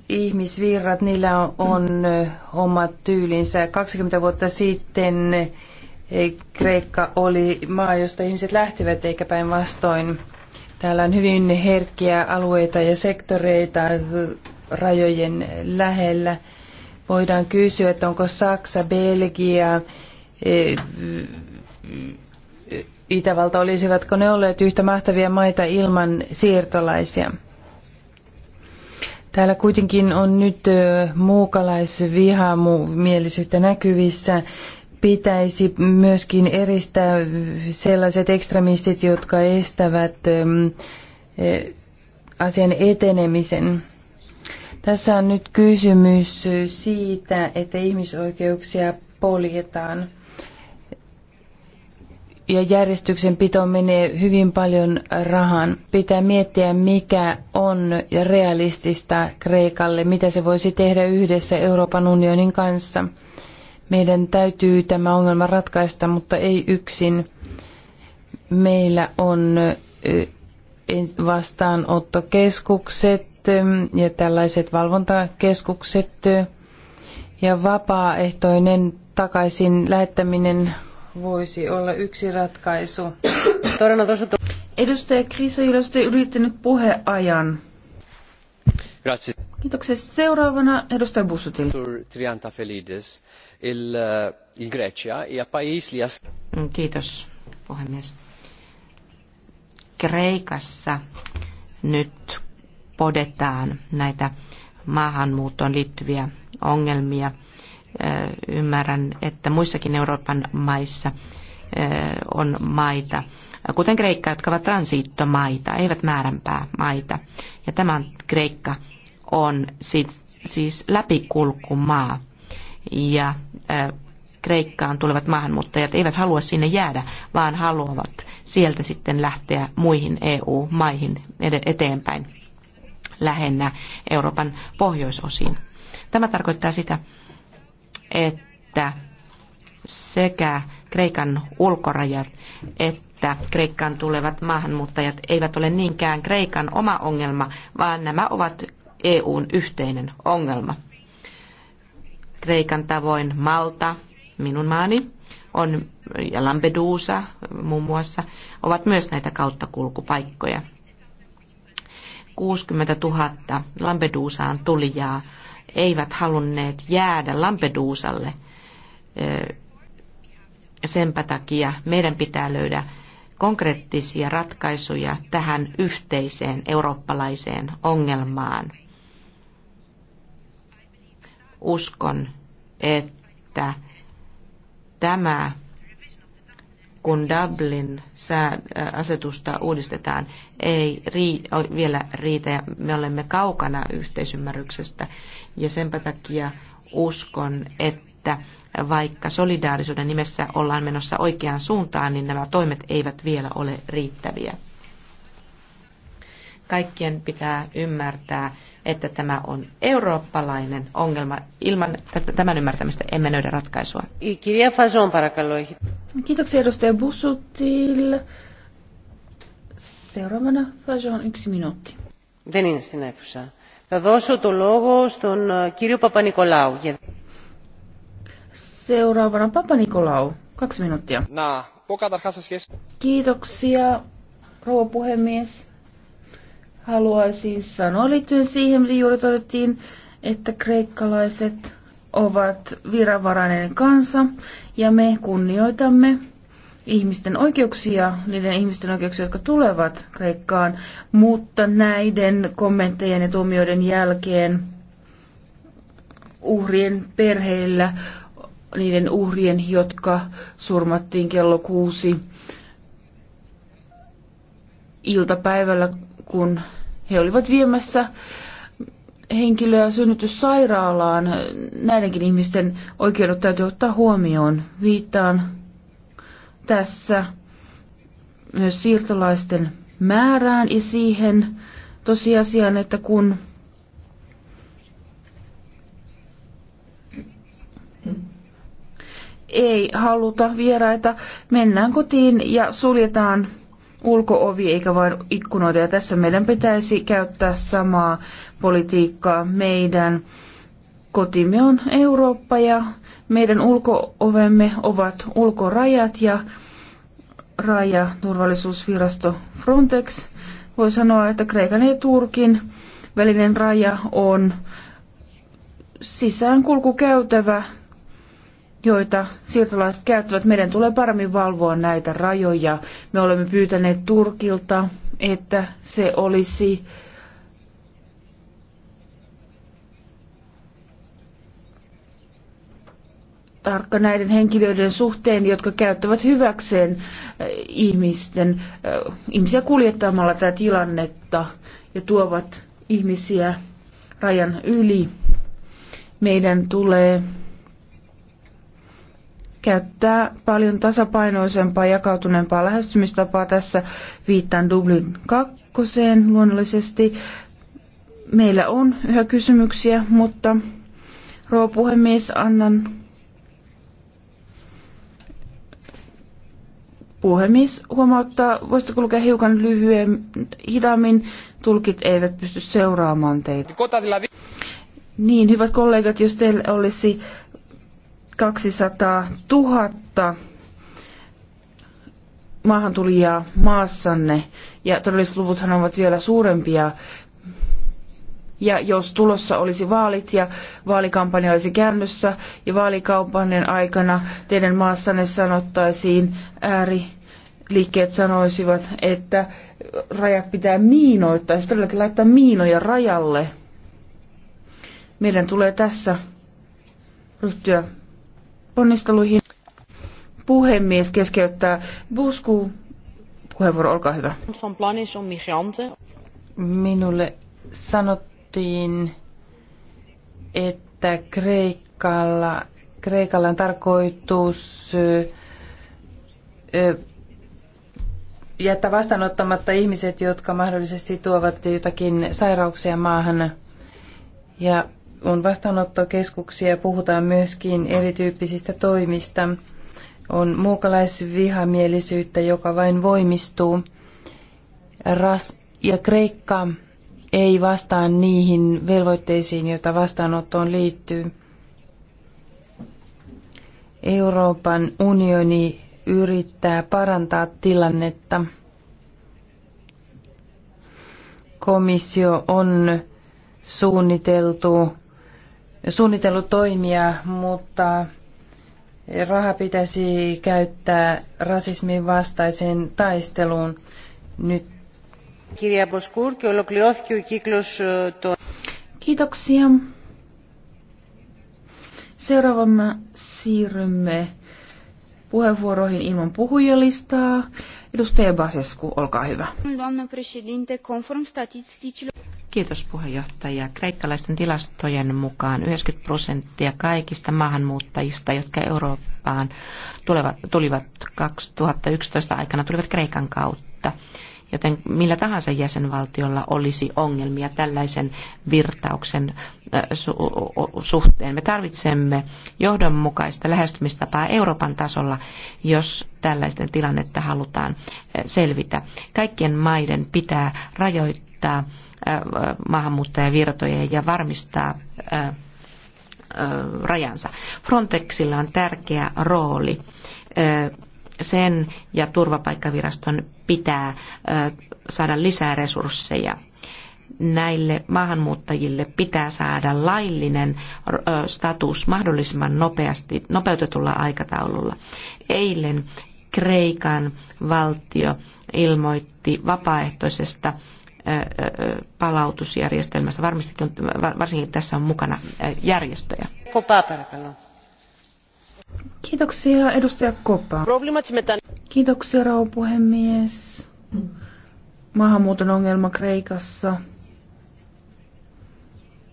ihmisvirrat, niillä on, on omat tyylinsä. 20 vuotta sitten Kreikka oli maa, josta ihmiset lähtivät eikä päinvastoin. Täällä on hyvin herkkiä alueita ja sektoreita rajojen lähellä. Voidaan kysyä, että onko Saksa, Belgia, e, Itävalta, olisivatko ne olleet yhtä mahtavia maita ilman siirtolaisia? Täällä kuitenkin on nyt e, muukalaisvihamielisyyttä näkyvissä pitäisi myöskin eristää sellaiset ekstremistit, jotka estävät ähm, äh, asian etenemisen. Tässä on nyt kysymys siitä, että ihmisoikeuksia poljetaan. Ja järjestyksen pito menee hyvin paljon rahan. Pitää miettiä, mikä on realistista Kreikalle, mitä se voisi tehdä yhdessä Euroopan unionin kanssa. Meidän täytyy tämä ongelma ratkaista, mutta ei yksin. Meillä on vastaanottokeskukset ja tällaiset valvontakeskukset ja vapaaehtoinen takaisin lähettäminen voisi olla yksi ratkaisu. Edustaja Kriso, jos te puheajan. Grazie. Kiitoksia. Seuraavana edustaja Bussutil. Trianta Felides il, e mm, Kiitos puhemies. Kreikassa nyt podetaan näitä maahanmuuttoon liittyviä ongelmia. Ymmärrän, että muissakin Euroopan maissa on maita, kuten Kreikka, jotka ovat transiittomaita, eivät määränpää maita. Ja tämä Kreikka on siis läpikulkumaa ja Kreikkaan tulevat maahanmuuttajat eivät halua sinne jäädä, vaan haluavat sieltä sitten lähteä muihin EU-maihin eteenpäin lähennä Euroopan pohjoisosiin. Tämä tarkoittaa sitä, että sekä Kreikan ulkorajat että Kreikkaan tulevat maahanmuuttajat eivät ole niinkään Kreikan oma ongelma, vaan nämä ovat EUn yhteinen ongelma. Kreikan tavoin Malta, minun maani, on, ja Lampedusa muun muassa, ovat myös näitä kauttakulkupaikkoja. 60 000 Lampedusaan tulijaa eivät halunneet jäädä Lampedusalle. Senpä takia meidän pitää löydä konkreettisia ratkaisuja tähän yhteiseen eurooppalaiseen ongelmaan uskon, että tämä, kun Dublin äh, asetusta uudistetaan, ei äh, vielä riitä ja me olemme kaukana yhteisymmärryksestä. Ja sen takia uskon, että vaikka solidaarisuuden nimessä ollaan menossa oikeaan suuntaan, niin nämä toimet eivät vielä ole riittäviä kaikkien pitää ymmärtää, että tämä on eurooppalainen ongelma. Ilman tämän ymmärtämistä emme löydä ratkaisua. Kiitoksia edustaja Bussutil. Seuraavana Fajon yksi minuutti. Δεν είναι στην αίθουσα. Θα δώσω το λόγο στον κύριο Παπα-Νικολάου. Seuraavana Papa-Nikolaou. Kaksi minuuttia. Kiitoksia, rouva puhemies haluaisin sanoa liittyen siihen, mitä juuri todettiin, että kreikkalaiset ovat viranvarainen kansa ja me kunnioitamme ihmisten oikeuksia, niiden ihmisten oikeuksia, jotka tulevat Kreikkaan, mutta näiden kommenttejen ja tuomioiden jälkeen uhrien perheillä, niiden uhrien, jotka surmattiin kello kuusi iltapäivällä kun he olivat viemässä henkilöä synnytyssairaalaan. Näidenkin ihmisten oikeudet täytyy ottaa huomioon. Viittaan tässä myös siirtolaisten määrään ja siihen tosiasiaan, että kun ei haluta vieraita, mennään kotiin ja suljetaan ulkoovi eikä vain ikkunoita. Ja tässä meidän pitäisi käyttää samaa politiikkaa. Meidän kotimme on Eurooppa ja meidän ulkoovemme ovat ulkorajat ja raja turvallisuusvirasto Frontex. Voi sanoa, että Kreikan ja Turkin välinen raja on sisäänkulkukäytävä joita siirtolaiset käyttävät. Meidän tulee paremmin valvoa näitä rajoja. Me olemme pyytäneet Turkilta, että se olisi tarkka näiden henkilöiden suhteen, jotka käyttävät hyväkseen äh, ihmisten, äh, ihmisiä kuljettamalla tätä tilannetta ja tuovat ihmisiä rajan yli. Meidän tulee käyttää paljon tasapainoisempaa jakautuneempaa lähestymistapaa. Tässä viittaan Dublin kakkoseen luonnollisesti. Meillä on yhä kysymyksiä, mutta rouva puhemies, annan puhemies huomauttaa, voisitko lukea hiukan lyhyemmin? hitaammin, tulkit eivät pysty seuraamaan teitä. Niin, hyvät kollegat, jos teillä olisi 200 000 maahantulijaa maassanne, ja todelliset luvuthan ovat vielä suurempia. Ja jos tulossa olisi vaalit ja vaalikampanja olisi käynnissä, ja vaalikampanjan aikana teidän maassanne sanottaisiin ääri liikkeet sanoisivat, että rajat pitää miinoittaa, siis todellakin laittaa miinoja rajalle. Meidän tulee tässä ryhtyä ponnisteluihin. Puhemies keskeyttää. Busku, puheenvuoro, olkaa hyvä. Minulle sanottiin, että Kreikalla, Kreikalla on tarkoitus jättää vastaanottamatta ihmiset, jotka mahdollisesti tuovat jotakin sairauksia maahan. Ja on vastaanottokeskuksia, puhutaan myöskin erityyppisistä toimista. On muukalaisvihamielisyyttä, joka vain voimistuu. Ras- ja Kreikka ei vastaa niihin velvoitteisiin, joita vastaanottoon liittyy. Euroopan unioni yrittää parantaa tilannetta. Komissio on suunniteltu suunnitellut toimia, mutta raha pitäisi käyttää rasismin vastaiseen taisteluun nyt. Kirja Boskur, ολοκληρώθηκε ο Kiitoksia. Seuraavamme siirrymme puheenvuoroihin ilman puhujalistaa. Edustaja Basescu, olkaa hyvä. Kiitos puheenjohtaja. Kreikkalaisten tilastojen mukaan 90 prosenttia kaikista maahanmuuttajista, jotka Eurooppaan tulevat, tulivat 2011 aikana, tulivat Kreikan kautta. Joten millä tahansa jäsenvaltiolla olisi ongelmia tällaisen virtauksen äh, suhteen. Me tarvitsemme johdonmukaista lähestymistapaa Euroopan tasolla, jos tällaisten tilannetta halutaan äh, selvitä. Kaikkien maiden pitää rajoittaa maahanmuuttajavirtoja ja varmistaa rajansa. Frontexilla on tärkeä rooli. Sen ja turvapaikkaviraston pitää saada lisää resursseja näille maahanmuuttajille pitää saada laillinen status mahdollisimman nopeasti, nopeutetulla aikataululla. Eilen Kreikan valtio ilmoitti vapaaehtoisesta palautusjärjestelmästä. Varsinkin tässä on mukana järjestöjä. Kiitoksia, edustaja Koppa. Kiitoksia, rouva puhemies. Maahanmuuton ongelma Kreikassa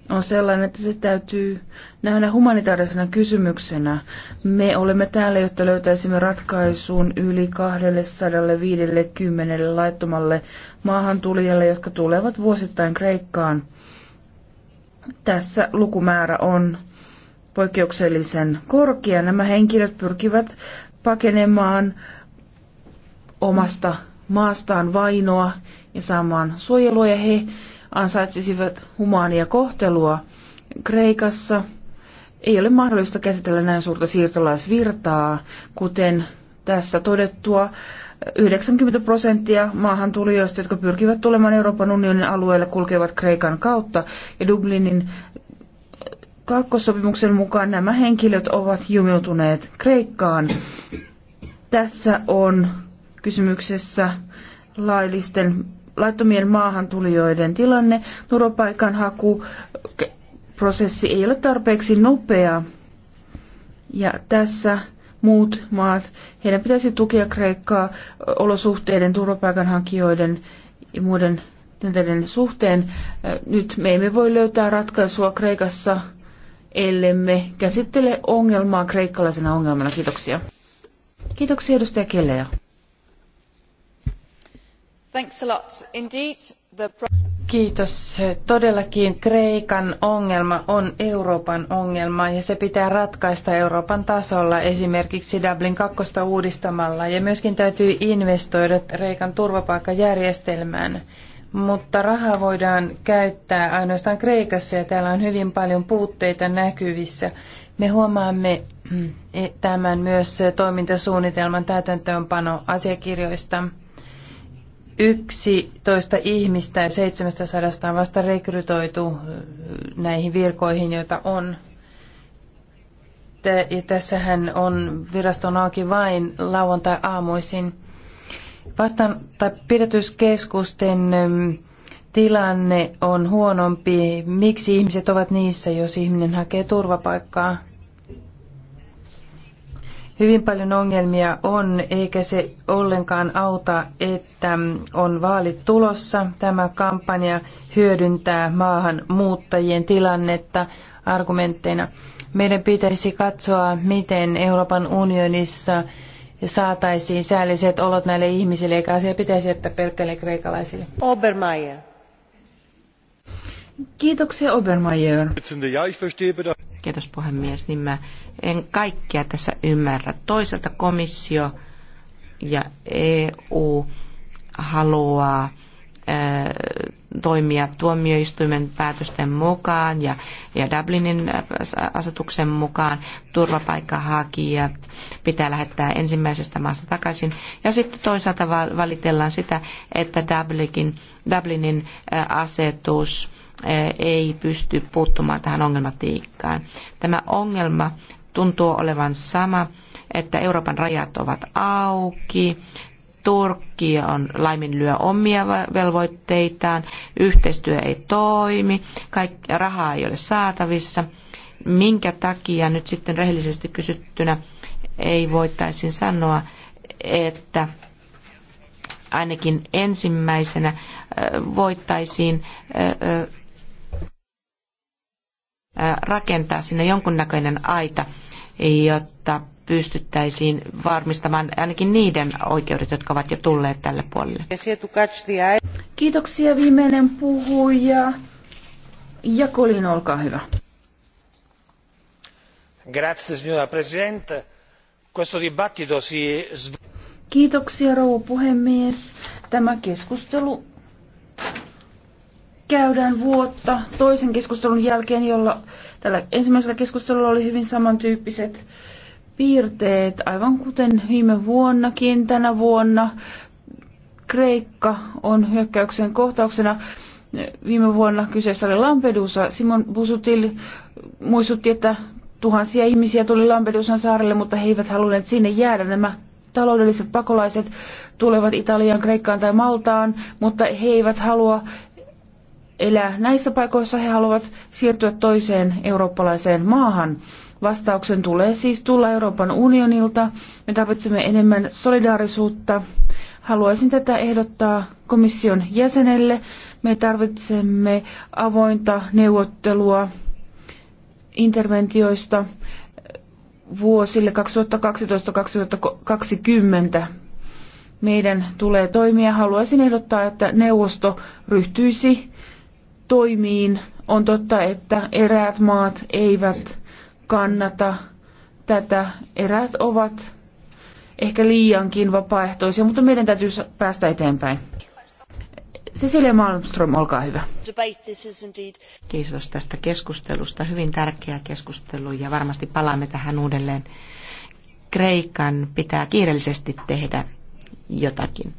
on sellainen, että se täytyy nähdä humanitaarisena kysymyksenä. Me olemme täällä, jotta löytäisimme ratkaisun yli 250 laittomalle maahantulijalle, jotka tulevat vuosittain Kreikkaan. Tässä lukumäärä on poikkeuksellisen korkea. Nämä henkilöt pyrkivät pakenemaan omasta maastaan vainoa ja saamaan suojelua ja he ansaitsisivat humaania kohtelua Kreikassa. Ei ole mahdollista käsitellä näin suurta siirtolaisvirtaa, kuten tässä todettua. 90 prosenttia maahantulijoista, jotka pyrkivät tulemaan Euroopan unionin alueelle, kulkevat Kreikan kautta ja Dublinin kakkossopimuksen mukaan nämä henkilöt ovat jumiutuneet Kreikkaan. Tässä on kysymyksessä laillisten laittomien maahantulijoiden tilanne, turvapaikanhaku, prosessi ei ole tarpeeksi nopea. Ja tässä muut maat, heidän pitäisi tukea Kreikkaa olosuhteiden, turvapaikanhakijoiden ja muiden työnteiden suhteen. Nyt me emme voi löytää ratkaisua Kreikassa, ellemme käsittele ongelmaa kreikkalaisena ongelmana. Kiitoksia. Kiitoksia edustaja Keleä. Kiitos. Todellakin Kreikan ongelma on Euroopan ongelma ja se pitää ratkaista Euroopan tasolla esimerkiksi Dublin kakkosta uudistamalla ja myöskin täytyy investoida Kreikan turvapaikkajärjestelmään. Mutta rahaa voidaan käyttää ainoastaan Kreikassa ja täällä on hyvin paljon puutteita näkyvissä. Me huomaamme mm, e- tämän myös toimintasuunnitelman täytäntöönpano asiakirjoista. 11 ihmistä ja 700 on vasta rekrytoitu äh, näihin virkoihin, joita on. Ja tässähän on viraston auki vain lauantai-aamuisin. Vastaan tai pidätyskeskusten ähm, tilanne on huonompi. Miksi ihmiset ovat niissä, jos ihminen hakee turvapaikkaa? Hyvin paljon ongelmia on, eikä se ollenkaan auta, että on vaalit tulossa. Tämä kampanja hyödyntää maahan muuttajien tilannetta argumentteina. Meidän pitäisi katsoa, miten Euroopan unionissa saataisiin säälliset olot näille ihmisille, eikä asia pitäisi jättää pelkkäille kreikalaisille. Obermeier. Kiitoksia Obermeier. Kiitos puhemies. Niin mä en kaikkea tässä ymmärrä. Toisaalta komissio ja EU haluaa toimia tuomioistuimen päätösten mukaan ja, ja Dublinin asetuksen mukaan turvapaikkahakijat pitää lähettää ensimmäisestä maasta takaisin. Ja sitten toisaalta valitellaan sitä, että Dublinin, Dublinin asetus ei pysty puuttumaan tähän ongelmatiikkaan. Tämä ongelma tuntuu olevan sama, että Euroopan rajat ovat auki, Turkki on laiminlyö omia velvoitteitaan, yhteistyö ei toimi, kaikki, rahaa ei ole saatavissa. Minkä takia nyt sitten rehellisesti kysyttynä ei voitaisi sanoa, että ainakin ensimmäisenä voitaisiin rakentaa sinne jonkunnäköinen aita, jotta pystyttäisiin varmistamaan ainakin niiden oikeudet, jotka ovat jo tulleet tälle puolelle. Kiitoksia viimeinen puhuja. ja Jakolin, olkaa hyvä. Grazie, signora Presidente. Questo dibattito si... Kiitoksia, rouva puhemies. Tämä keskustelu käydään vuotta toisen keskustelun jälkeen, jolla tällä ensimmäisellä keskustelulla oli hyvin samantyyppiset piirteet, aivan kuten viime vuonnakin tänä vuonna. Kreikka on hyökkäyksen kohtauksena. Viime vuonna kyseessä oli Lampedusa. Simon Busutil muistutti, että tuhansia ihmisiä tuli Lampedusan saarelle, mutta he eivät halunneet sinne jäädä. Nämä taloudelliset pakolaiset tulevat Italiaan, Kreikkaan tai Maltaan, mutta he eivät halua elää näissä paikoissa, he haluavat siirtyä toiseen eurooppalaiseen maahan. Vastauksen tulee siis tulla Euroopan unionilta. Me tarvitsemme enemmän solidaarisuutta. Haluaisin tätä ehdottaa komission jäsenelle. Me tarvitsemme avointa neuvottelua interventioista vuosille 2012-2020 meidän tulee toimia. Haluaisin ehdottaa, että neuvosto ryhtyisi toimiin. On totta, että eräät maat eivät kannata tätä. Eräät ovat ehkä liiankin vapaaehtoisia, mutta meidän täytyy päästä eteenpäin. Cecilia Malmström, olkaa hyvä. Kiitos tästä keskustelusta. Hyvin tärkeä keskustelu ja varmasti palaamme tähän uudelleen. Kreikan pitää kiireellisesti tehdä jotakin.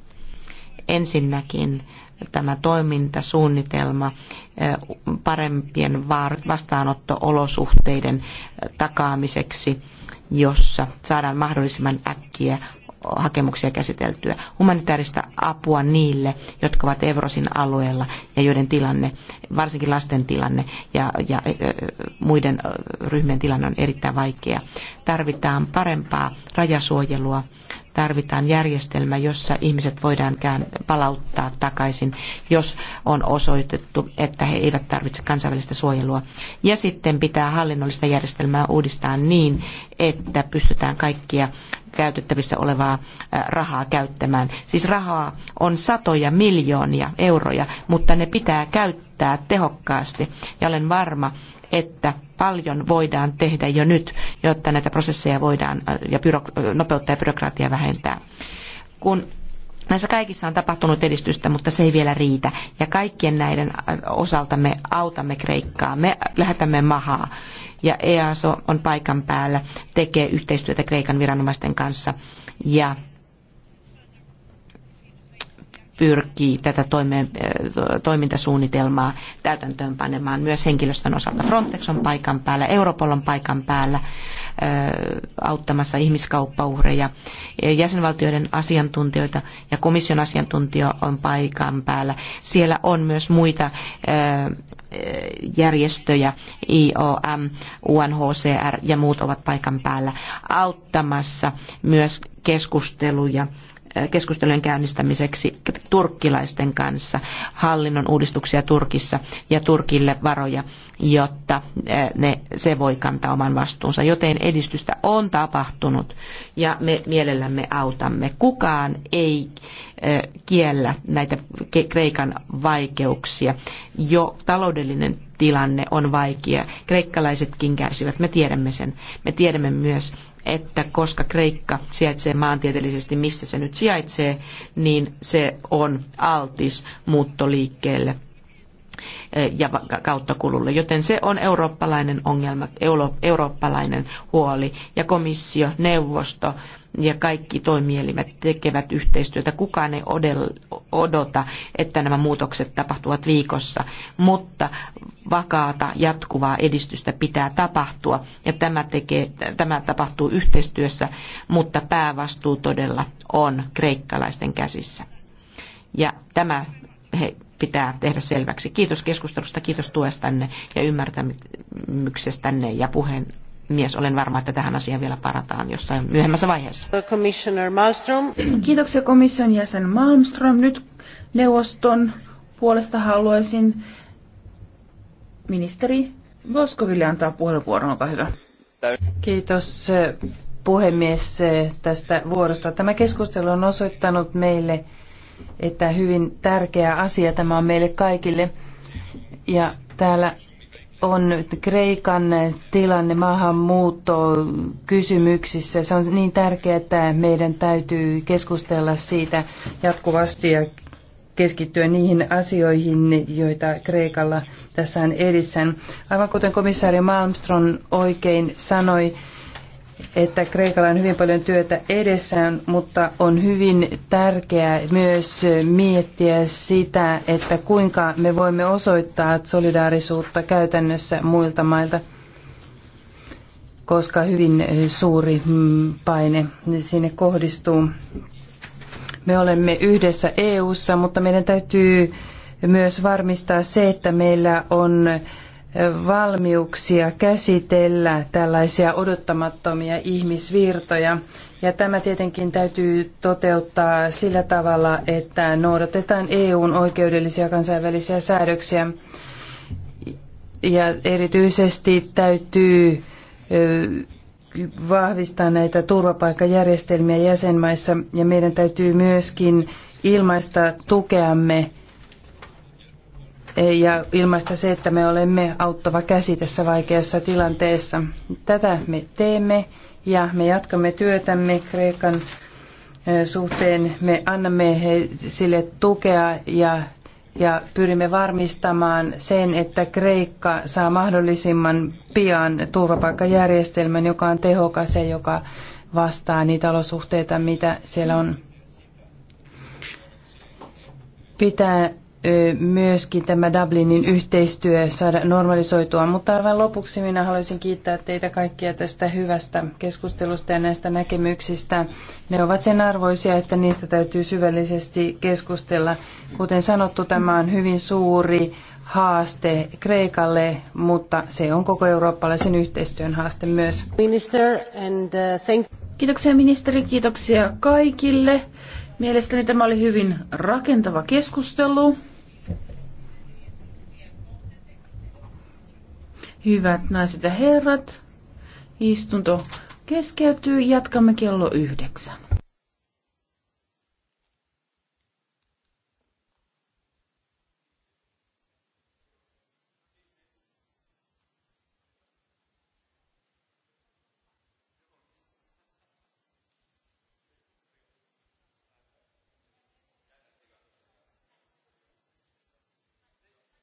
Ensinnäkin tämä toimintasuunnitelma parempien vastaanottoolosuhteiden takaamiseksi, jossa saadaan mahdollisimman äkkiä hakemuksia käsiteltyä. Humanitaarista apua niille, jotka ovat Evrosin alueella ja joiden tilanne, varsinkin lasten tilanne ja, ja muiden ryhmien tilanne on erittäin vaikea. Tarvitaan parempaa rajasuojelua, tarvitaan järjestelmä, jossa ihmiset voidaan palauttaa takaisin, jos on osoitettu, että he eivät tarvitse kansainvälistä suojelua. Ja sitten pitää hallinnollista järjestelmää uudistaa niin, että pystytään kaikkia käytettävissä olevaa rahaa käyttämään. Siis rahaa on satoja miljoonia euroja, mutta ne pitää käyttää tehokkaasti. Ja olen varma, että paljon voidaan tehdä jo nyt, jotta näitä prosesseja voidaan ja nopeuttaa ja byrokratiaa vähentää. Kun Näissä kaikissa on tapahtunut edistystä, mutta se ei vielä riitä. Ja kaikkien näiden osalta me autamme Kreikkaa, me lähetämme mahaa ja EASO on paikan päällä, tekee yhteistyötä Kreikan viranomaisten kanssa ja pyrkii tätä toime, toimintasuunnitelmaa täytäntöönpanemaan myös henkilöstön osalta. Frontex on paikan päällä, Europol on paikan päällä auttamassa ihmiskauppauhreja, jäsenvaltioiden asiantuntijoita ja komission asiantuntija on paikan päällä. Siellä on myös muita järjestöjä, IOM, UNHCR ja muut ovat paikan päällä auttamassa myös keskusteluja keskustelujen käynnistämiseksi turkkilaisten kanssa hallinnon uudistuksia Turkissa ja Turkille varoja, jotta ne, se voi kantaa oman vastuunsa. Joten edistystä on tapahtunut ja me mielellämme autamme. Kukaan ei kiellä näitä Kreikan vaikeuksia. Jo taloudellinen tilanne on vaikea. Kreikkalaisetkin kärsivät, me tiedämme sen. Me tiedämme myös, että koska Kreikka sijaitsee maantieteellisesti, missä se nyt sijaitsee, niin se on altis muuttoliikkeelle eh, ja kauttakululle. Joten se on eurooppalainen ongelma, eurooppalainen huoli. Ja komissio, neuvosto, ja kaikki toimielimet tekevät yhteistyötä. Kukaan ei odota, että nämä muutokset tapahtuvat viikossa, mutta vakaata jatkuvaa edistystä pitää tapahtua ja tämä, tekee, tämä tapahtuu yhteistyössä, mutta päävastuu todella on kreikkalaisten käsissä. Ja tämä he pitää tehdä selväksi. Kiitos keskustelusta, kiitos tuestanne ja ymmärtämyksestänne ja puheen puhemies. Olen varma, että tähän asiaan vielä parataan jossain myöhemmässä vaiheessa. Kiitoksia komission jäsen Malmström. Nyt neuvoston puolesta haluaisin ministeri Boskoville antaa puheenvuoron. Olkaa hyvä. Kiitos puhemies tästä vuorosta. Tämä keskustelu on osoittanut meille, että hyvin tärkeä asia tämä on meille kaikille. Ja täällä on nyt Kreikan tilanne maahanmuutto kysymyksissä. Se on niin tärkeää, että meidän täytyy keskustella siitä jatkuvasti ja keskittyä niihin asioihin, joita Kreikalla tässä on edessä. Aivan kuten komissaari Malmström oikein sanoi, että Kreikalla on hyvin paljon työtä edessään, mutta on hyvin tärkeää myös miettiä sitä, että kuinka me voimme osoittaa solidaarisuutta käytännössä muilta mailta, koska hyvin suuri mm, paine sinne kohdistuu. Me olemme yhdessä EU:ssa, mutta meidän täytyy myös varmistaa se, että meillä on valmiuksia käsitellä tällaisia odottamattomia ihmisvirtoja. Ja tämä tietenkin täytyy toteuttaa sillä tavalla, että noudatetaan EUn oikeudellisia kansainvälisiä säädöksiä. Ja erityisesti täytyy vahvistaa näitä turvapaikkajärjestelmiä jäsenmaissa ja meidän täytyy myöskin ilmaista tukeamme ja ilmaista se, että me olemme auttava käsi tässä vaikeassa tilanteessa. Tätä me teemme ja me jatkamme työtämme Kreikan suhteen. Me annamme sille tukea ja, ja pyrimme varmistamaan sen, että Kreikka saa mahdollisimman pian turvapaikkajärjestelmän, joka on tehokas ja joka vastaa niitä olosuhteita, mitä siellä on. Pitää myöskin tämä Dublinin yhteistyö saada normalisoitua. Mutta aivan lopuksi minä haluaisin kiittää teitä kaikkia tästä hyvästä keskustelusta ja näistä näkemyksistä. Ne ovat sen arvoisia, että niistä täytyy syvällisesti keskustella. Kuten sanottu, tämä on hyvin suuri haaste Kreikalle, mutta se on koko eurooppalaisen yhteistyön haaste myös. Minister and, uh, thank... Kiitoksia ministeri, kiitoksia kaikille. Mielestäni tämä oli hyvin rakentava keskustelu. Hyvät naiset ja herrat, istunto keskeytyy. Jatkamme kello yhdeksän.